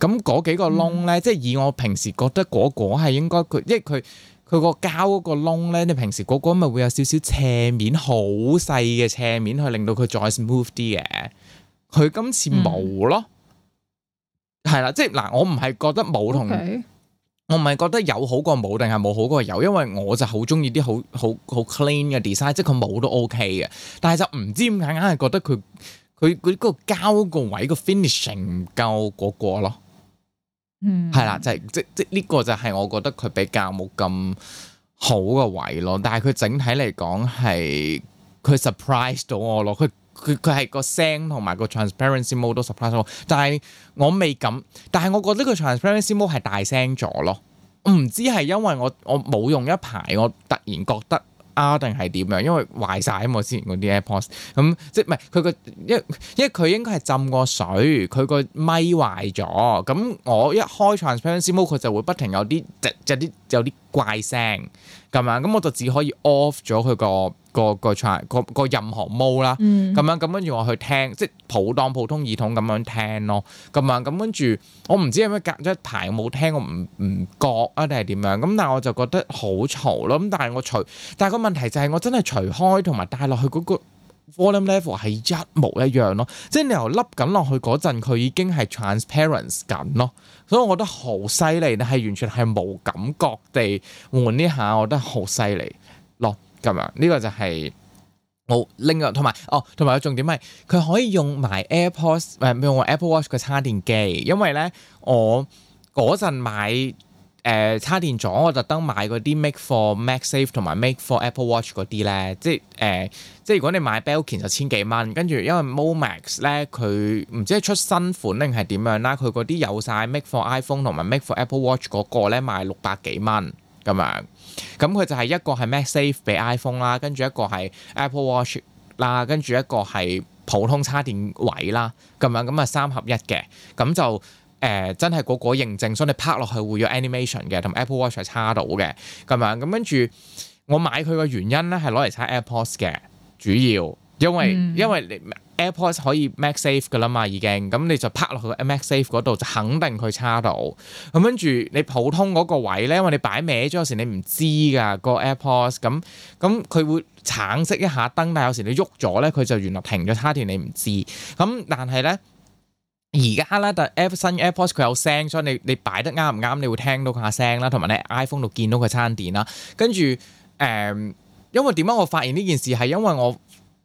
咁嗰幾個窿咧，嗯、即係以我平時覺得嗰個係應該佢，即係佢佢個膠嗰個窿咧，你平時嗰個咪會有少少斜面，好細嘅斜面去令到佢再 smooth 啲嘅。佢今次冇咯。嗯係啦，即係嗱，我唔係覺得冇同，Okay. 我唔係覺得有好過冇，定係冇好過有，因為我就好中意啲好好好 clean 嘅 design，即係佢冇都 OK 嘅，但係就唔知點解硬係覺得佢佢佢嗰個膠個位個 finishing 唔夠嗰個咯，嗯、mm.，係啦，就係即即呢個就係我覺得佢比較冇咁好嘅位咯，但係佢整體嚟講係佢 surprise 到我咯佢。佢佢係個聲同埋個 transparency mode 都 surprise 我，但係我未敢。但係我覺得佢 transparency mode 係大聲咗咯。唔知係因為我我冇用一排，我突然覺得啊定係點樣？因為壞晒吖嘛，之前嗰啲 AirPods 咁、嗯、即係唔係佢個因因為佢應該係浸過水，佢個咪壞咗。咁、嗯、我一開 transparency mode，佢就會不停有啲有啲有啲。有怪聲咁啊，咁我就只可以 off 咗佢，嗰個，嗰個個 t 個個任何 mode 啦、嗯，咁樣咁跟住我去聽，即係普當普通耳筒咁樣聽咯，咁啊咁跟住我唔知有咩隔咗一排冇聽，我唔唔覺啊定係點樣，咁但係我就覺得好嘈咯，咁但係我除但係個問題就係我真係除開同埋戴落去嗰，嗰個。嗰個 Volume level 係一模一樣咯，即係你由凹緊落去嗰陣，佢已經係 transparent 緊咯，所以我覺得好犀利，你係完全係冇感覺地換呢下，我覺得好犀利咯。咁樣呢個就係好。另一同埋哦，同埋有重點係佢可以用埋 AirPods 用 Apple Watch 嘅插電機，因為咧我嗰陣買誒插電咗，我特登買嗰啲 Make for MagSafe 同埋 Make for Apple Watch 嗰啲咧，即係誒。即係如果你買 Belkin 就千幾蚊，跟住因為 MoMax 咧，佢唔知係出新款定係點樣啦。佢嗰啲有晒 Make for iPhone 同埋 Make for Apple Watch 嗰個咧，賣六百幾蚊咁樣。咁、嗯、佢就係一個係 MagSafe 俾 iPhone 啦，跟住一個係 Apple Watch 啦，跟住一個係普通叉電位啦咁樣，咁啊，三合一嘅，咁就誒、呃、真係個個認證，所以你拍落去會有 animation 嘅，同 Apple Watch 係叉到嘅咁樣。咁跟住我買佢嘅原因咧係攞嚟叉 AirPods 嘅。主要因為、嗯、因為你 AirPods 可以 MagSafe 噶啦嘛，已經咁你就拍落去 MagSafe 嗰度就肯定佢叉到。咁跟住你普通嗰個位咧，因為你擺歪咗，有時你唔知噶、個 AirPods、嗯。咁咁佢會橙色一下燈，但有時你喐咗咧，佢就原來停咗叉電，你唔知。咁但係咧而家咧，但係新 AirPods 佢有聲，所以你你擺得啱唔啱，你會聽到佢下聲啦，同埋你 iPhone 度見到佢叉電啦。跟住誒。嗯因為點解我發現呢件事係因為我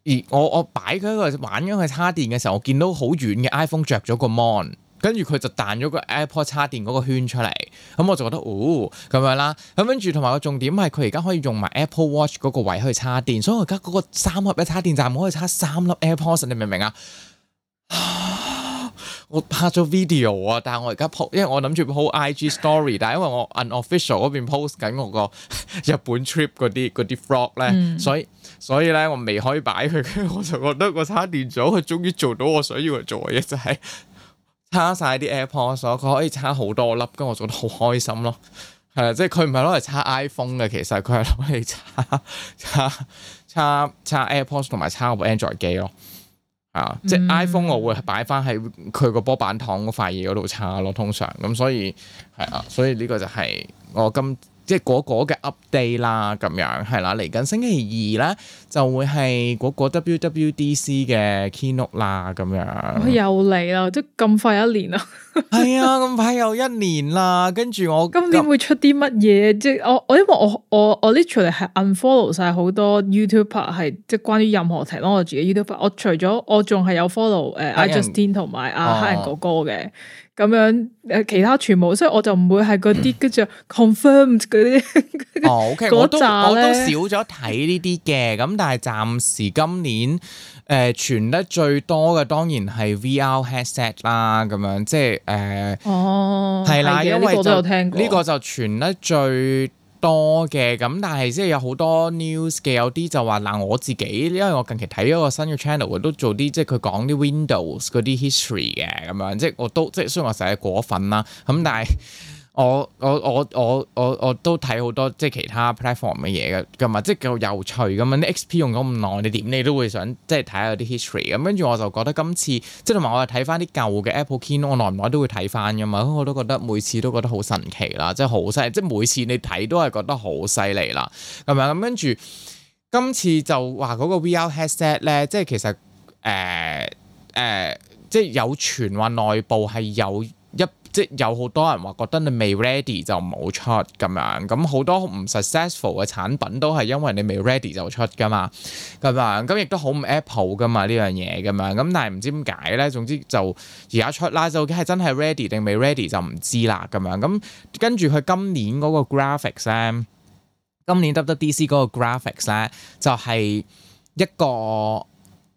而我我擺佢一個玩咗去叉電嘅時候，我見到好遠嘅 iPhone 着咗個 mon，跟住佢就彈咗個 AirPod 插電嗰個圈出嚟，咁我就覺得哦，咁樣啦，咁跟住同埋個重點係佢而家可以用埋 Apple Watch 嗰個位去叉電，所以我而家嗰個三合一叉電站可以叉三粒 AirPod，你明唔明啊？我拍咗 video 啊，但係我而家 po，因為我諗住 po IG story，但係因為我 an official 嗰邊 post 緊我個日本 trip 嗰啲嗰啲 vlog 咧，所以所以咧我未可以擺佢，我就覺得我叉電組佢終於做到我想要去做嘅嘢，就係、是、差晒啲 AirPods 咯，佢可以差好多粒，咁我做得好開心咯，係啦，即係佢唔係攞嚟叉 iPhone 嘅，其實佢係攞嚟叉叉叉叉 AirPods 同埋叉部 Android 機咯。啊！即係 iPhone 我會擺翻喺佢個波板糖嗰塊嘢嗰度插咯，通常咁所以係啊，所以呢、啊、個就係、是、我今。即係嗰個嘅 update 啦，咁樣係啦。嚟緊星期二咧，就會係嗰個 WWDC 嘅 keynote、ok、啦，咁樣。又嚟啦！即係咁快一年啦。係啊、 哎，咁快又一年啦。跟住我今年會出啲乜嘢？ 即係我我因為我我我 literally 係 unfollow 晒好多 YouTuber 係即係關於任何 technology 嘅 YouTuber。我除咗我仲係有 follow 誒 Ijustin 同埋阿 h 黑，人、啊、黑人哥哥嘅。咁樣誒，其他全部，所以我就唔會係嗰啲跟住 confirmed 嗰啲。OK 我都 我都少咗睇呢啲嘅。咁但係暫時今年誒傳、呃、得最多嘅，當然係 VR headset 啦。咁樣即係誒，係、呃哦、啦，的因為呢個就傳得最。多嘅咁，但係即係有好多 news 嘅，有啲就話嗱、呃、我自己，因為我近期睇咗個新嘅 channel，都做啲即係佢講啲 Windows 嗰啲 history 嘅咁樣，即係我都即係雖然話成日過分啦，咁但係。我我我我我我都睇好多即係其他 platform 嘅嘢嘅，噶嘛，即係幾有趣咁啊！XP 用咗咁耐，你點你都會想即係睇下啲 history 咁。跟住我就覺得今次即係同埋我係睇翻啲舊嘅 Apple Keynote，我耐唔耐都會睇翻噶嘛。我都覺得每次都覺得好神奇啦，即係好犀，即係每次你睇都係覺得好犀利啦，係咪啊？咁跟住今次就話嗰個 VR headset 咧，即係其實誒誒、呃呃，即係有傳話內部係有。即有好多人話覺得你未 ready 就冇出咁樣，咁好多唔 successful 嘅產品都係因為你未 ready 就出噶嘛，咁樣咁亦都好唔 Apple 噶嘛呢樣嘢咁樣，咁但係唔知點解咧，總之就而家出啦，究竟係真係 ready 定未 ready 就唔知啦咁樣，咁跟住佢今年嗰個 graphics 咧，今年 WWDC 嗰個 graphics 咧就係一個。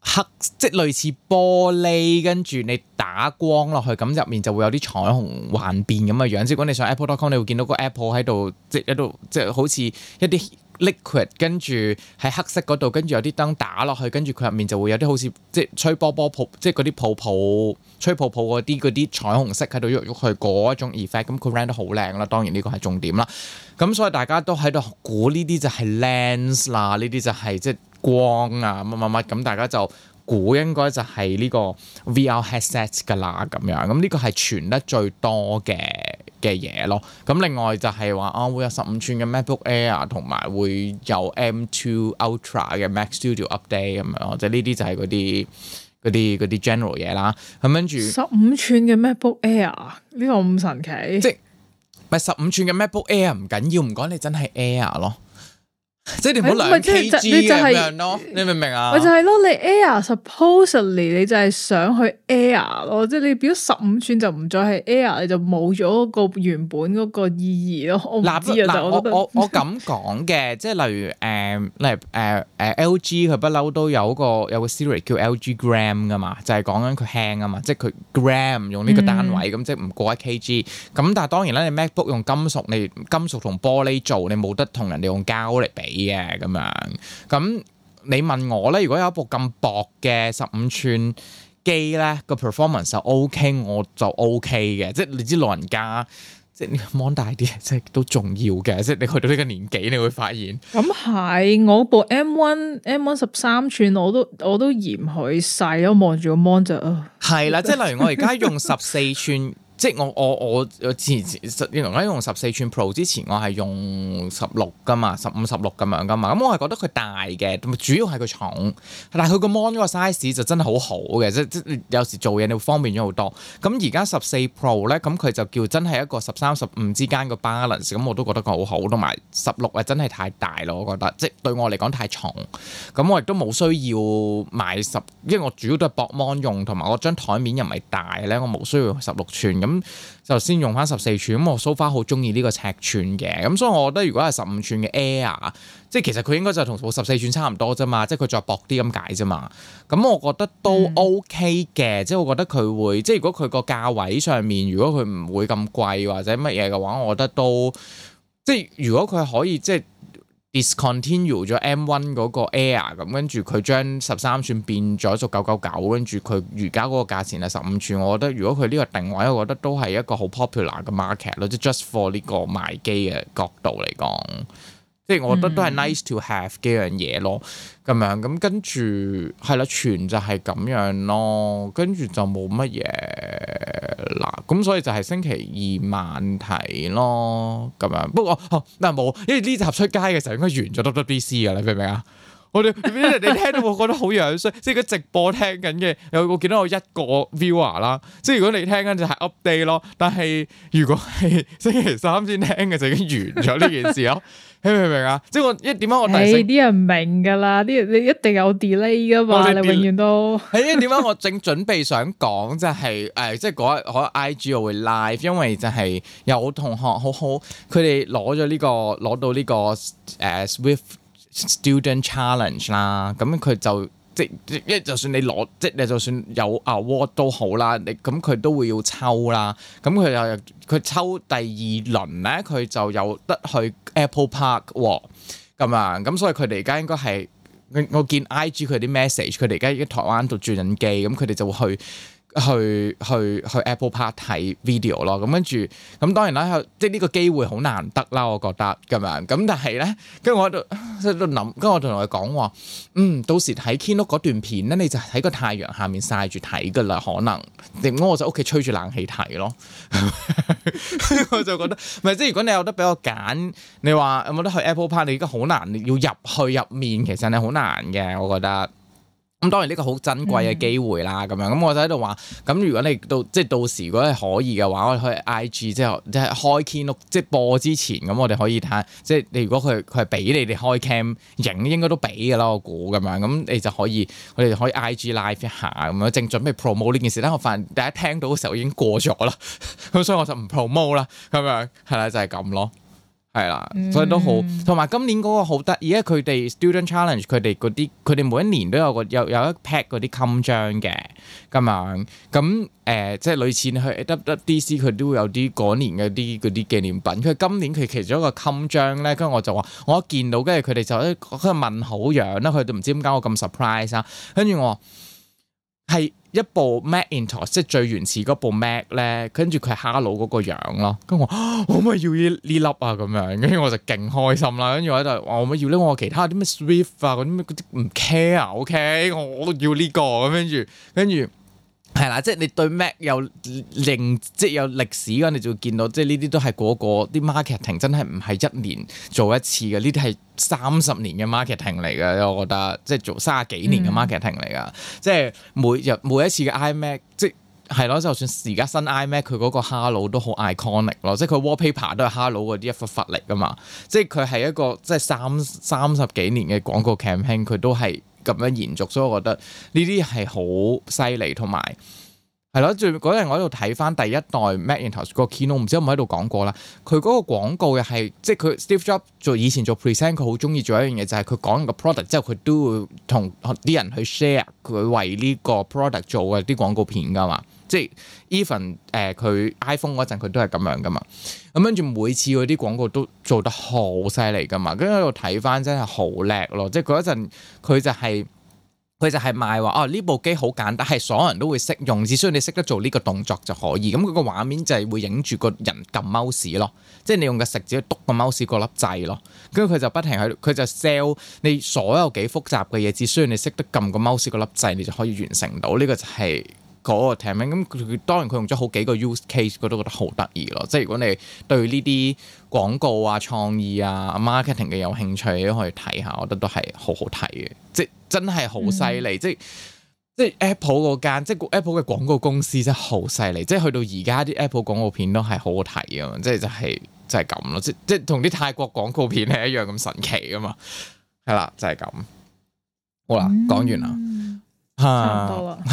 黑即係類似玻璃，跟住你打光落去，咁入面就會有啲彩虹幻變咁嘅樣。即如果你上 Apple.com，你會見到個 Apple 喺度，即係一度，即係好似一啲 liquid，跟住喺黑色嗰度，跟住有啲燈打落去，跟住佢入面就會有啲好似即係吹波波泡泡，即係嗰啲泡泡吹泡泡嗰啲嗰啲彩虹色喺度喐喐去嗰一種 effect。咁佢 render 得好靚啦，當然呢個係重點啦。咁所以大家都喺度估呢啲就係 lens 啦，呢啲就係、是、即係。光啊乜乜乜咁，大家就估應該就係呢個 VR headsets 噶啦咁樣。咁呢個係傳得最多嘅嘅嘢咯。咁另外就係話啊，會有十五寸嘅 MacBook Air 同埋會有 M2 Ultra 嘅 Mac Studio Update 咁樣，即係呢啲就係嗰啲嗰啲嗰啲 general 嘢啦。咁跟住十五寸嘅 MacBook Air 呢個咁神奇？即係咪十五寸嘅 MacBook Air 唔緊要，唔講你真係 Air 咯。即係唔好兩 K G 係咩樣咯？你明唔明啊？咪就係咯，你 Air supposedly 你就係想去 Air 咯，即係你表十五寸就唔再係 Air，你就冇咗個原本嗰個意義咯。我唔知啊，但係我我我咁講嘅，即係例如誒，例如誒誒，L G 佢不嬲都有個有個 Series 叫 L G Gram 噶嘛，就係講緊佢輕啊嘛，即係佢 Gram 用呢個單位咁，即係唔過一 K G。咁但係當然啦，你 MacBook 用金屬，你金屬同玻璃做，你冇得同人哋用膠嚟比。嘅咁樣，咁你問我咧，如果有一部咁薄嘅十五寸機咧，個 performance 就 OK，我就 OK 嘅，即係你知老人家，即係個 mon 大啲，即係都重要嘅，即係你去到呢個年紀，你會發現。咁係、嗯，我部 M one M one 十三寸，我都我都嫌佢細囉，望住個 mon 就。係啦，即係例如我而家用十四寸。即係我我我我之前十用緊用十四寸 Pro，之前我係用十六㗎嘛，十五十六咁樣㗎嘛。咁我係覺得佢大嘅，主要係佢重。但係佢個 mon 嗰個 size 就真係好好嘅，即即有時做嘢你會方便咗好多。咁而家十四 Pro 咧，咁佢就叫真係一個十三十五之間個 balance，咁我都覺得佢好好。同埋十六係真係太大咯，我覺得即係對我嚟講太重。咁我亦都冇需要買十，因為我主要都係駁 mon 用，同埋我張台面又唔係大咧，我冇需要十六寸。咁就先用翻十四寸，咁我 so far 好中意呢個尺寸嘅，咁所以我覺得如果係十五寸嘅 Air，即係其實佢應該就同十四寸差唔多啫嘛，即係佢再薄啲咁解啫嘛，咁我覺得都 OK 嘅，嗯、即係我覺得佢會，即係如果佢個價位上面，如果佢唔會咁貴或者乜嘢嘅話，我覺得都，即係如果佢可以即係。Discontinue 咗 M1 嗰個 Air 咁，跟住佢將十三寸變咗做九九九，跟住佢而家嗰個價錢係十五寸，我覺得如果佢呢個定位，我覺得都係一個好 popular 嘅 market 咯，即 just for 呢個賣機嘅角度嚟講。即係我覺得都係 nice to have 幾樣嘢咯，咁樣咁跟住係啦，全就係咁樣咯，跟住就冇乜嘢啦，咁所以就係星期二晚睇咯，咁樣。不過哦，嗱、啊、冇，因為呢集出街嘅時候應該完咗 WC 噶啦，你明唔明啊？我哋你聽到會覺得好樣衰，即係個直播聽緊嘅，有我見到我一個 viewer 啦。即係如果你聽緊就係 update 咯，但係如果係星期三先聽嘅就已經完咗呢件事咯。明唔明啊？即係我一點解我第啲人唔明噶啦？啲你一定有 delay 噶嘛？你永遠都係啊？點解我正準備想講就係誒，即係嗰日我 IG 我會 live，因為就係有同學好好，佢哋攞咗呢個攞到呢個誒 Swift。Student challenge 啦，咁佢就即即就算你攞即你就算有 award 都好啦，你咁佢都會要抽啦。咁佢又佢抽第二輪咧，佢就有得去 Apple Park 咁、哦、啊，咁所以佢哋而家應該係我我見 IG 佢啲 message，佢哋而家喺台灣度轉緊機，咁佢哋就會去。去去去 Apple Park 睇 video 咯，咁跟住，咁當然啦，即係呢個機會好難得啦，我覺得咁樣。咁但係咧，就就就跟住我喺度喺度諗，跟住我同佢講話，嗯，到時喺 Keynote 嗰段片咧，你就喺個太陽下面曬住睇嘅啦，可能。點解我就屋企吹住冷氣睇咯。 我就覺得，咪即係如果你有得俾我揀，你話有冇得去 Apple Park？你而家好難要入去入面，其實你好難嘅，我覺得。咁當然呢個好珍貴嘅機會啦，咁樣咁我就喺度話咁，如果你到即係到時，如果係可以嘅話，我哋可以 I G 即係即係開 cam 即係播之前咁，我哋可以睇下即係你如果佢佢係俾你哋開 cam 影，應該都俾嘅啦，我估咁樣咁你就可以，我哋可以 I G live 一下咁樣，正準備 promote 呢件事咧。但我發現第一聽到嘅時候已經過咗啦。咁 所以我就唔 promote 啦，咁樣係啦，就係、是、咁咯。係啦，所以都好，同埋今年嗰個好得意啊！佢哋 Student Challenge，佢哋啲，佢哋每一年都有個有有一 pack 嗰啲襟章嘅咁樣，咁誒、呃、即係類似去 WWDC 佢都會有啲嗰年嘅啲嗰啲紀念品。佢今年佢其中一個襟章咧，跟住我就話我一見到，跟住佢哋就喺度問好樣啦，佢哋都唔知點解我咁 surprise 啊，跟住我係。一部 Macintosh，即係最原始嗰部 Mac 咧，跟住佢係 Hello 嗰個樣咯。跟住我話可唔可以要呢呢粒啊？咁、啊、樣，跟住我就勁開心啦。跟住我喺度話：可唔可以要咧，我其他啲咩 Swift 啊，嗰啲咩啲唔 care，OK，我都要呢、這個。咁跟住跟住。係啦，即係你對 Mac 有認，即係有歷史嘅你就會見到，即係呢啲都係個個啲 marketing 真係唔係一年做一次嘅，呢啲係三十年嘅 marketing 嚟嘅，我覺得，即係做卅幾年嘅 marketing 嚟㗎，嗯、即係每日每一次嘅 iMac，即係係咯，就算而家新 iMac 佢嗰個 Hello 都好 iconic 咯，即係佢 wallpaper 都係 Hello 嗰啲一幅幅嚟㗎嘛，即係佢係一個即係三三十幾年嘅廣告 campaign，佢都係。咁樣延續，所以我覺得呢啲係好犀利，同埋係咯，最嗰陣我喺度睇翻第一代 Macintosh 個 keynote，唔知我唔喺度講過啦。佢嗰個廣告嘅係，即係佢 Steve Jobs 做以前做 present，佢好中意做一樣嘢，就係佢講完個 product 之後，佢都會同啲人去 share 佢為呢個 product 做嘅啲廣告片㗎嘛。即係 even 誒佢 iPhone 嗰陣佢都係咁樣噶嘛，咁跟住每次佢啲廣告都做得好犀利噶嘛，跟住喺度睇翻真係好叻咯，即係嗰陣佢就係、是、佢就係賣話哦呢部機好簡單，係所有人都會識用，只需要你識得做呢個動作就可以。咁佢個畫面就係會影住個人撳 mouse 咯，即係你用個食指去篤個 mouse 個粒掣咯。跟住佢就不停喺度，佢就 sell 你所有幾複雜嘅嘢，只需要你識得撳個 mouse 個粒掣，你就可以完成到。呢、這個就係、是。嗰個 timing，咁佢當然佢用咗好幾個 use case，佢都覺得好得意咯。即係如果你對呢啲廣告啊、創意啊、marketing 嘅有興趣，都可以睇下，我覺得都係好好睇嘅。即真係好犀利，即係 Apple 嗰間，即係 Apple 嘅廣告公司真係好犀利。即係去到而家啲 Apple 廣告片都係好好睇嘅，即係就係、是、就係咁咯。即即係同啲泰國廣告片係一樣咁神奇嘅嘛。係啦，就係、是、咁。好啦，講完啦。嗯差係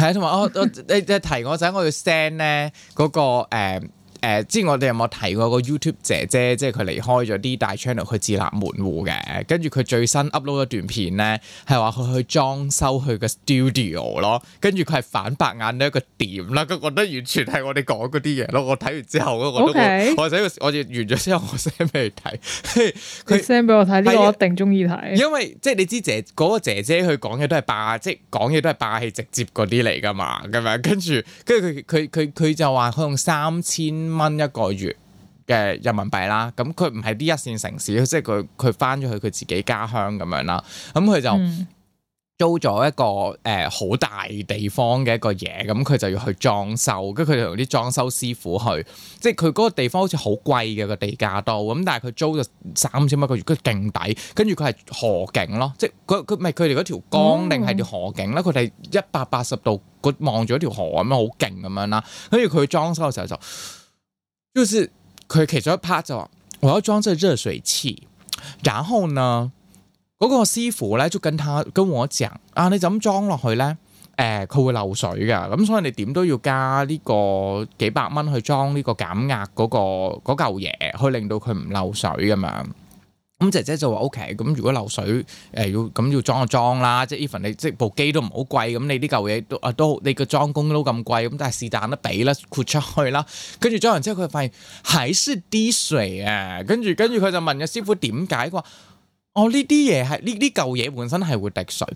啊，同埋我我你你提我陣，我要 send 咧嗰個誒。誒，之前我哋有冇提過個 YouTube 姐姐，即係佢離開咗啲大 channel，佢自立門戶嘅。跟住佢最新 upload 一段片咧，係話佢去裝修佢嘅 studio 咯。跟住佢係反白眼一個點啦，佢覺得完全係我哋講嗰啲嘢咯。我睇完之後，我都我，Okay. 我，我寫完咗之後，我寫俾佢睇。佢 她寫俾我睇，呢個我一定中意睇。因為即係你知姐嗰個姐姐佢講嘢都係霸，即係講嘢都係霸氣直接嗰啲嚟噶嘛，咁樣跟住跟住佢佢佢佢就話佢用三千。蚊一個月嘅人民幣啦，咁佢唔係啲一線城市，即係佢佢翻咗去佢自己家鄉咁樣啦，咁佢就租咗一個誒好、呃、大地方嘅一個嘢，咁佢就要去裝修，跟住佢哋同啲裝修師傅去，即係佢嗰個地方好似好貴嘅個地價多，咁但係佢租咗三千蚊一個月，佢勁抵，跟住佢係河景咯，即係佢佢唔係佢哋嗰條江定係條河景咧，佢哋一百八十度佢望住一條河咁樣好勁咁樣啦，跟住佢裝修嘅時候就。就是佢其中一 part 就話，我要裝隻熱水器，然後呢嗰、那個師傅呢，就跟他跟我講：啊，你就咁裝落去呢，誒、呃，佢會漏水噶，咁、嗯、所以你點都要加呢個幾百蚊去裝呢個減壓嗰、那個嗰嚿嘢，去令到佢唔漏水咁樣。咁姐姐就話 OK，咁如果漏水，誒、呃、要咁要裝一裝啦，即係 even 你即係部機都唔好貴，咁你啲舊嘢都啊都你個裝工都咁貴，咁但係是但啦，俾啦，豁出去啦，跟住裝完之後佢發現還是滴水啊，跟住跟住佢就問個師傅點解佢話，哦，呢啲嘢係呢啲舊嘢本身係會滴水，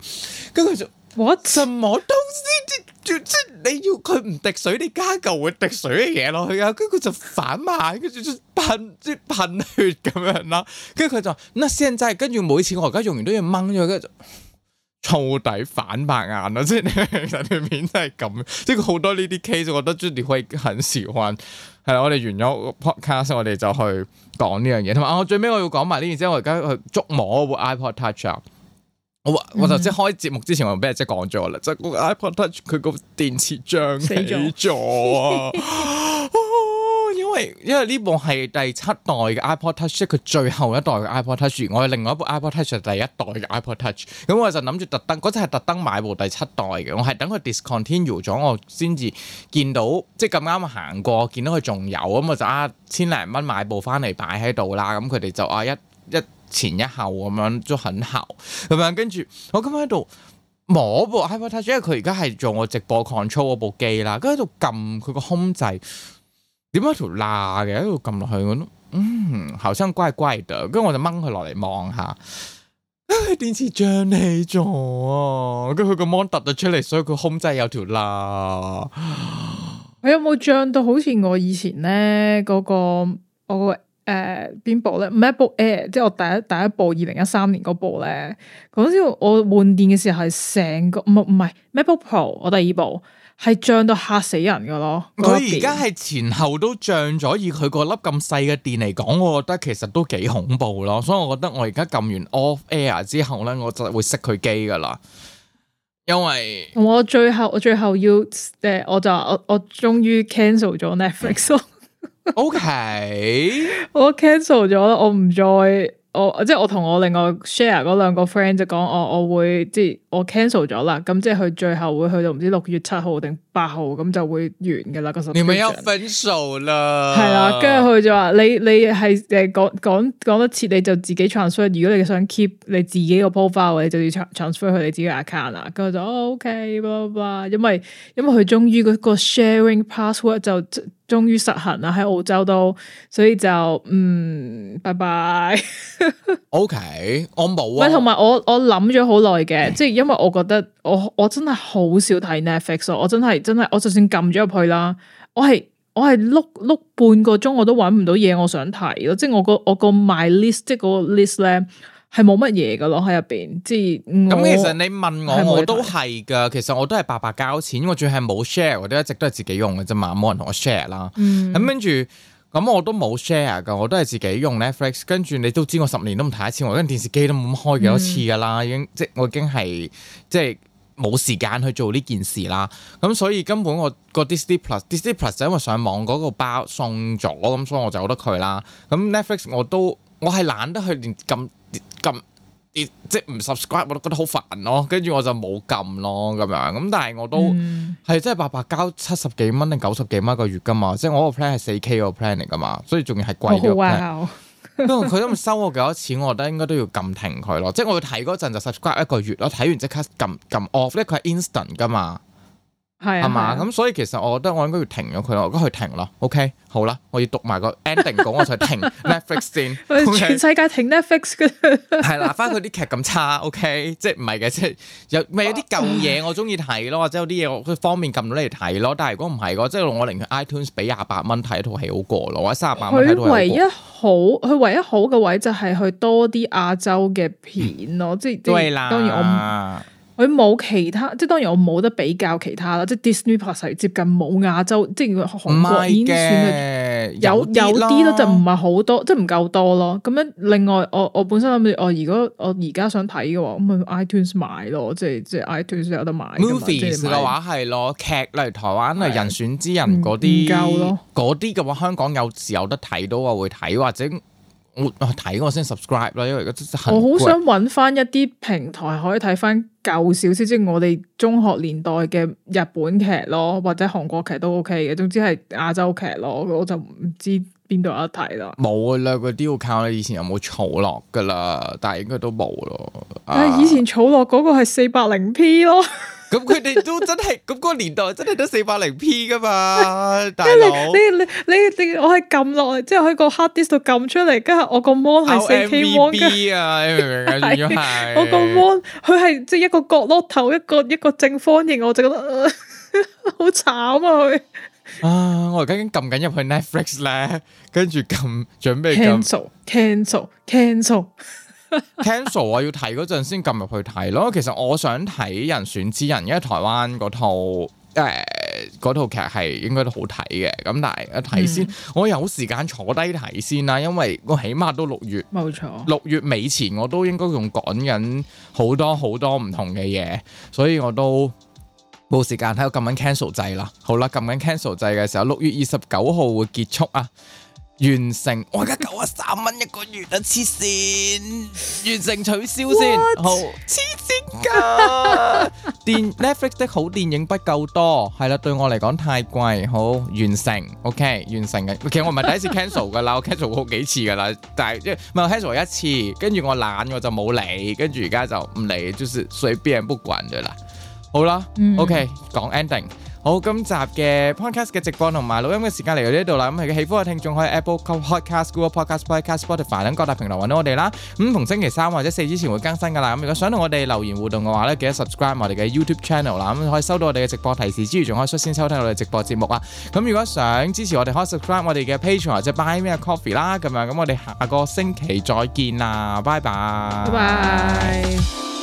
跟住就。What? 什麼東西？即即你，你，你要佢唔滴水，你加嚿會滴水嘅嘢落去啊！跟住佢就反罵，跟住就噴，就噴血咁樣啦。跟住佢就話，那現在跟住每次我而家用完都要掹咗嘅，躁底反白眼啊！即 你面都係咁，即係好多呢啲 case，我覺得 Judy 可以很時尚。係啦，我哋完咗 podcast，我哋就去講呢樣嘢。同埋我最尾我要講埋呢件事，我而家去觸摸個 iPod Touch 啊。我我頭先開節目之前，我俾人即係講咗啦，就個、是、iPod Touch 佢個電池漲起死咗了啊 、哦！因為因為呢部係第七代嘅 iPod Touch，即係佢最後一代嘅 iPod Touch。我係另外一部 iPod Touch 係第一代嘅 iPod Touch。咁我就諗住特登嗰次係特登買部第七代嘅。我係等佢 discontinue 咗，我先至見到，即係咁啱行過，見到佢仲有，咁我就啊千零蚊買部翻嚟擺喺度啦。咁佢哋就啊一一。一前一後咁樣，都很後咁樣，跟住我今日喺度摸部 iPod，因為佢而家係做我直播 control 嗰部機啦，跟住喺度撳佢個控制，點解條罅嘅喺度撳落去？我都嗯後生乖乖嘅，跟住我就掹佢落嚟望下看看，哎，電池脹起咗啊！跟住佢個芒突到出嚟，所以佢控制有條罅。佢有冇脹到好似我以前咧嗰，那個我、那個？誒邊、呃、部咧？MacBook Air，即係我第一第一部二零一三年嗰部咧。嗰、那、陣、個、時我換電嘅時候係成個唔係唔係 MacBook Pro，我第二部係漲到嚇死人㗎咯。佢而家係前後都漲咗，以佢個粒咁細嘅電嚟講，我覺得其實都幾恐怖咯。所以，我覺得我而家撳完 Off Air 之後咧，我就會熄佢機噶啦。因為我最後我最後要誒、呃，我就我我終於 cancel 咗 Netflix。 OK，我 cancel 咗啦，我唔再，我即係我同我另外 share 嗰兩個 friend 就講，我我會即係。我 cancel 咗啦，咁即係佢最後會去到唔知六月七號定八號，咁就會完噶啦，嗰個 solution。你咪要分手啦，係啦，跟住佢就話你你係誒講講講得切，你就自己 transfer。如果你想 keep 你自己個 profile，你就要 transfer 去你自己 account 啦。跟住就、哦、O、okay, K，因為因為佢終於嗰個 sharing password 就終於實行啦，喺澳洲都，所以就嗯，拜拜。 o、okay, K，我冇。唔同埋我我諗咗好耐嘅，即係一。因為我覺得我我真係好少睇 Netflix，我真係真係，我就算撳咗入去啦，我係我係碌碌半個鐘，我都揾唔到嘢我想睇咯，即係我個我個 my list，即係個 list 咧係冇乜嘢噶咯喺入邊，即係咁其實你問我我都係噶，其實我都係白白交錢，我最係冇 share，我都一直都係自己用嘅啫嘛，冇人同我 share 啦，咁跟住。咁我都冇 share 噶，我都係自己用 Netflix。跟住你都知我十年都唔睇一次，我跟電視機都冇乜開幾多次噶啦，嗯、已經即係我已經係即係冇時間去做呢件事啦。咁所以根本我個 Disney Plus、Disney Plus 就因為上網嗰個包送咗，咁所以我就冇得佢啦。咁 Netflix 我都我係懶得去連咁。咁。It, 即唔 subscribe 我都覺得好煩咯，跟住我就冇撳咯咁樣，咁但係我都係、嗯、真係白白交七十幾蚊定九十幾蚊個月噶嘛。即我個 plan 係四 K 個 plan 嚟噶嘛，所以仲要係貴咗。不過佢都收我幾多錢，我覺得應該都要撳停佢咯。即我睇嗰陣就 subscribe 一個月咯，睇完即刻撳撳 off，因佢係 instant 噶嘛。係啊，嘛咁，所以其實我覺得我應該要停咗佢咯，如果佢停咯，OK，好啦，我要讀埋個 ending，講我再停 Netflix 先， OK? 全世界停 Netflix 嘅係啦， 翻佢啲劇咁差，OK，即係唔係嘅，即係有咪有啲舊嘢我中意睇咯，或者有啲嘢我方便撳到嚟睇咯，但係如果唔係嘅，即係我寧願 iTunes 俾廿八蚊睇一套戲好過咯，或者卅八蚊睇套戲好過，佢唯一好，佢唯一好嘅位就係去多啲亞洲嘅片咯、嗯，即係對啦。當然我佢冇其他，即係當然我冇得比較其他啦，即係 Disney Plus 接近冇亞洲，即係韓國已經算係有有啲咯，咯就唔係好多，即係唔夠多咯。咁樣另外，我我本身諗住我如果我而家想睇嘅話，咁咪 iTunes 買咯，即係即係 iTunes 有得買。Movies 嘅話係咯，Mov ies 咯劇例如台灣係的人選之人嗰啲，嗯、唔夠咯，嗰啲嘅話香港有時有得睇到都會睇，或者。我睇，啊、我先 subscribe 啦，因為我好想揾翻一啲平台可以睇翻舊少少，即係我哋中學年代嘅日本劇咯，或者韓國劇都 OK 嘅，總之係亞洲劇咯，我就唔知邊度有得睇啦。冇啊，兩個都要靠你以前有冇儲落噶啦，但係應該都冇咯。以前儲落嗰個係四百零 P 咯。 咁佢哋都真係，咁嗰個年代真係得四百零 P 噶嘛，大佬。你你你你我係撳落嚟，即係喺個 hard disk 度撳出嚟，跟住我個 mon 係四 K mon 噶，明唔明啊？係我個 mon，佢係即係一個角落頭，一個一個正方形，我就覺得好慘啊佢。啊！我而家已經撳緊入去 Netflix 咧，跟住撳準備撳 cancel，cancel，cancel。 cancel 我要睇嗰陣先撳入去睇咯。其實我想睇人選之人，因為台灣嗰套誒嗰、呃、套劇係應該都好睇嘅。咁但係一睇先，嗯、我有時間坐低睇先啦。因為我起碼都六月，冇錯錯，六月尾前我都應該仲講緊好多好多唔同嘅嘢，所以我都冇時間睇。我撳緊 cancel 掣啦。好啦，撳緊 cancel 掣嘅時候，六月二十九號會結束啊。完成，我而家九啊三蚊一個月啊，黐線！完成取消先，好黐線噶。電 Netflix 的好電影不夠多，係啦，對我嚟講太貴，好完成。OK，完成嘅。其實我唔係第一次 cancel 噶啦，我 cancel 過好幾次噶啦，但係即係唔係 cancel 一次，跟住我懶我就冇理，跟住而家就唔理，就是隨便不管噶啦。好啦，OK，講 ending。好，今集嘅 podcast 嘅直播同埋錄音嘅時間嚟到呢度啦，咁係嘅喜歡嘅聽眾可以 Apple Podcast、Google Podcast、Podcast、Spotify 等各大平台揾到我哋啦。咁逢星期三或者四之前會更新噶啦，咁如果想同我哋留言互動嘅話咧，記得 subscribe 我哋嘅 YouTube channel 啦，咁可以收到我哋嘅直播提示，之餘仲可以率先收聽我哋直播節目啊。咁如果想支持我哋，可以 subscribe 我哋嘅 Patreon 或者 buy 咩 coffee 啦。咁樣，咁我哋下個星期再見啦，拜拜。拜拜。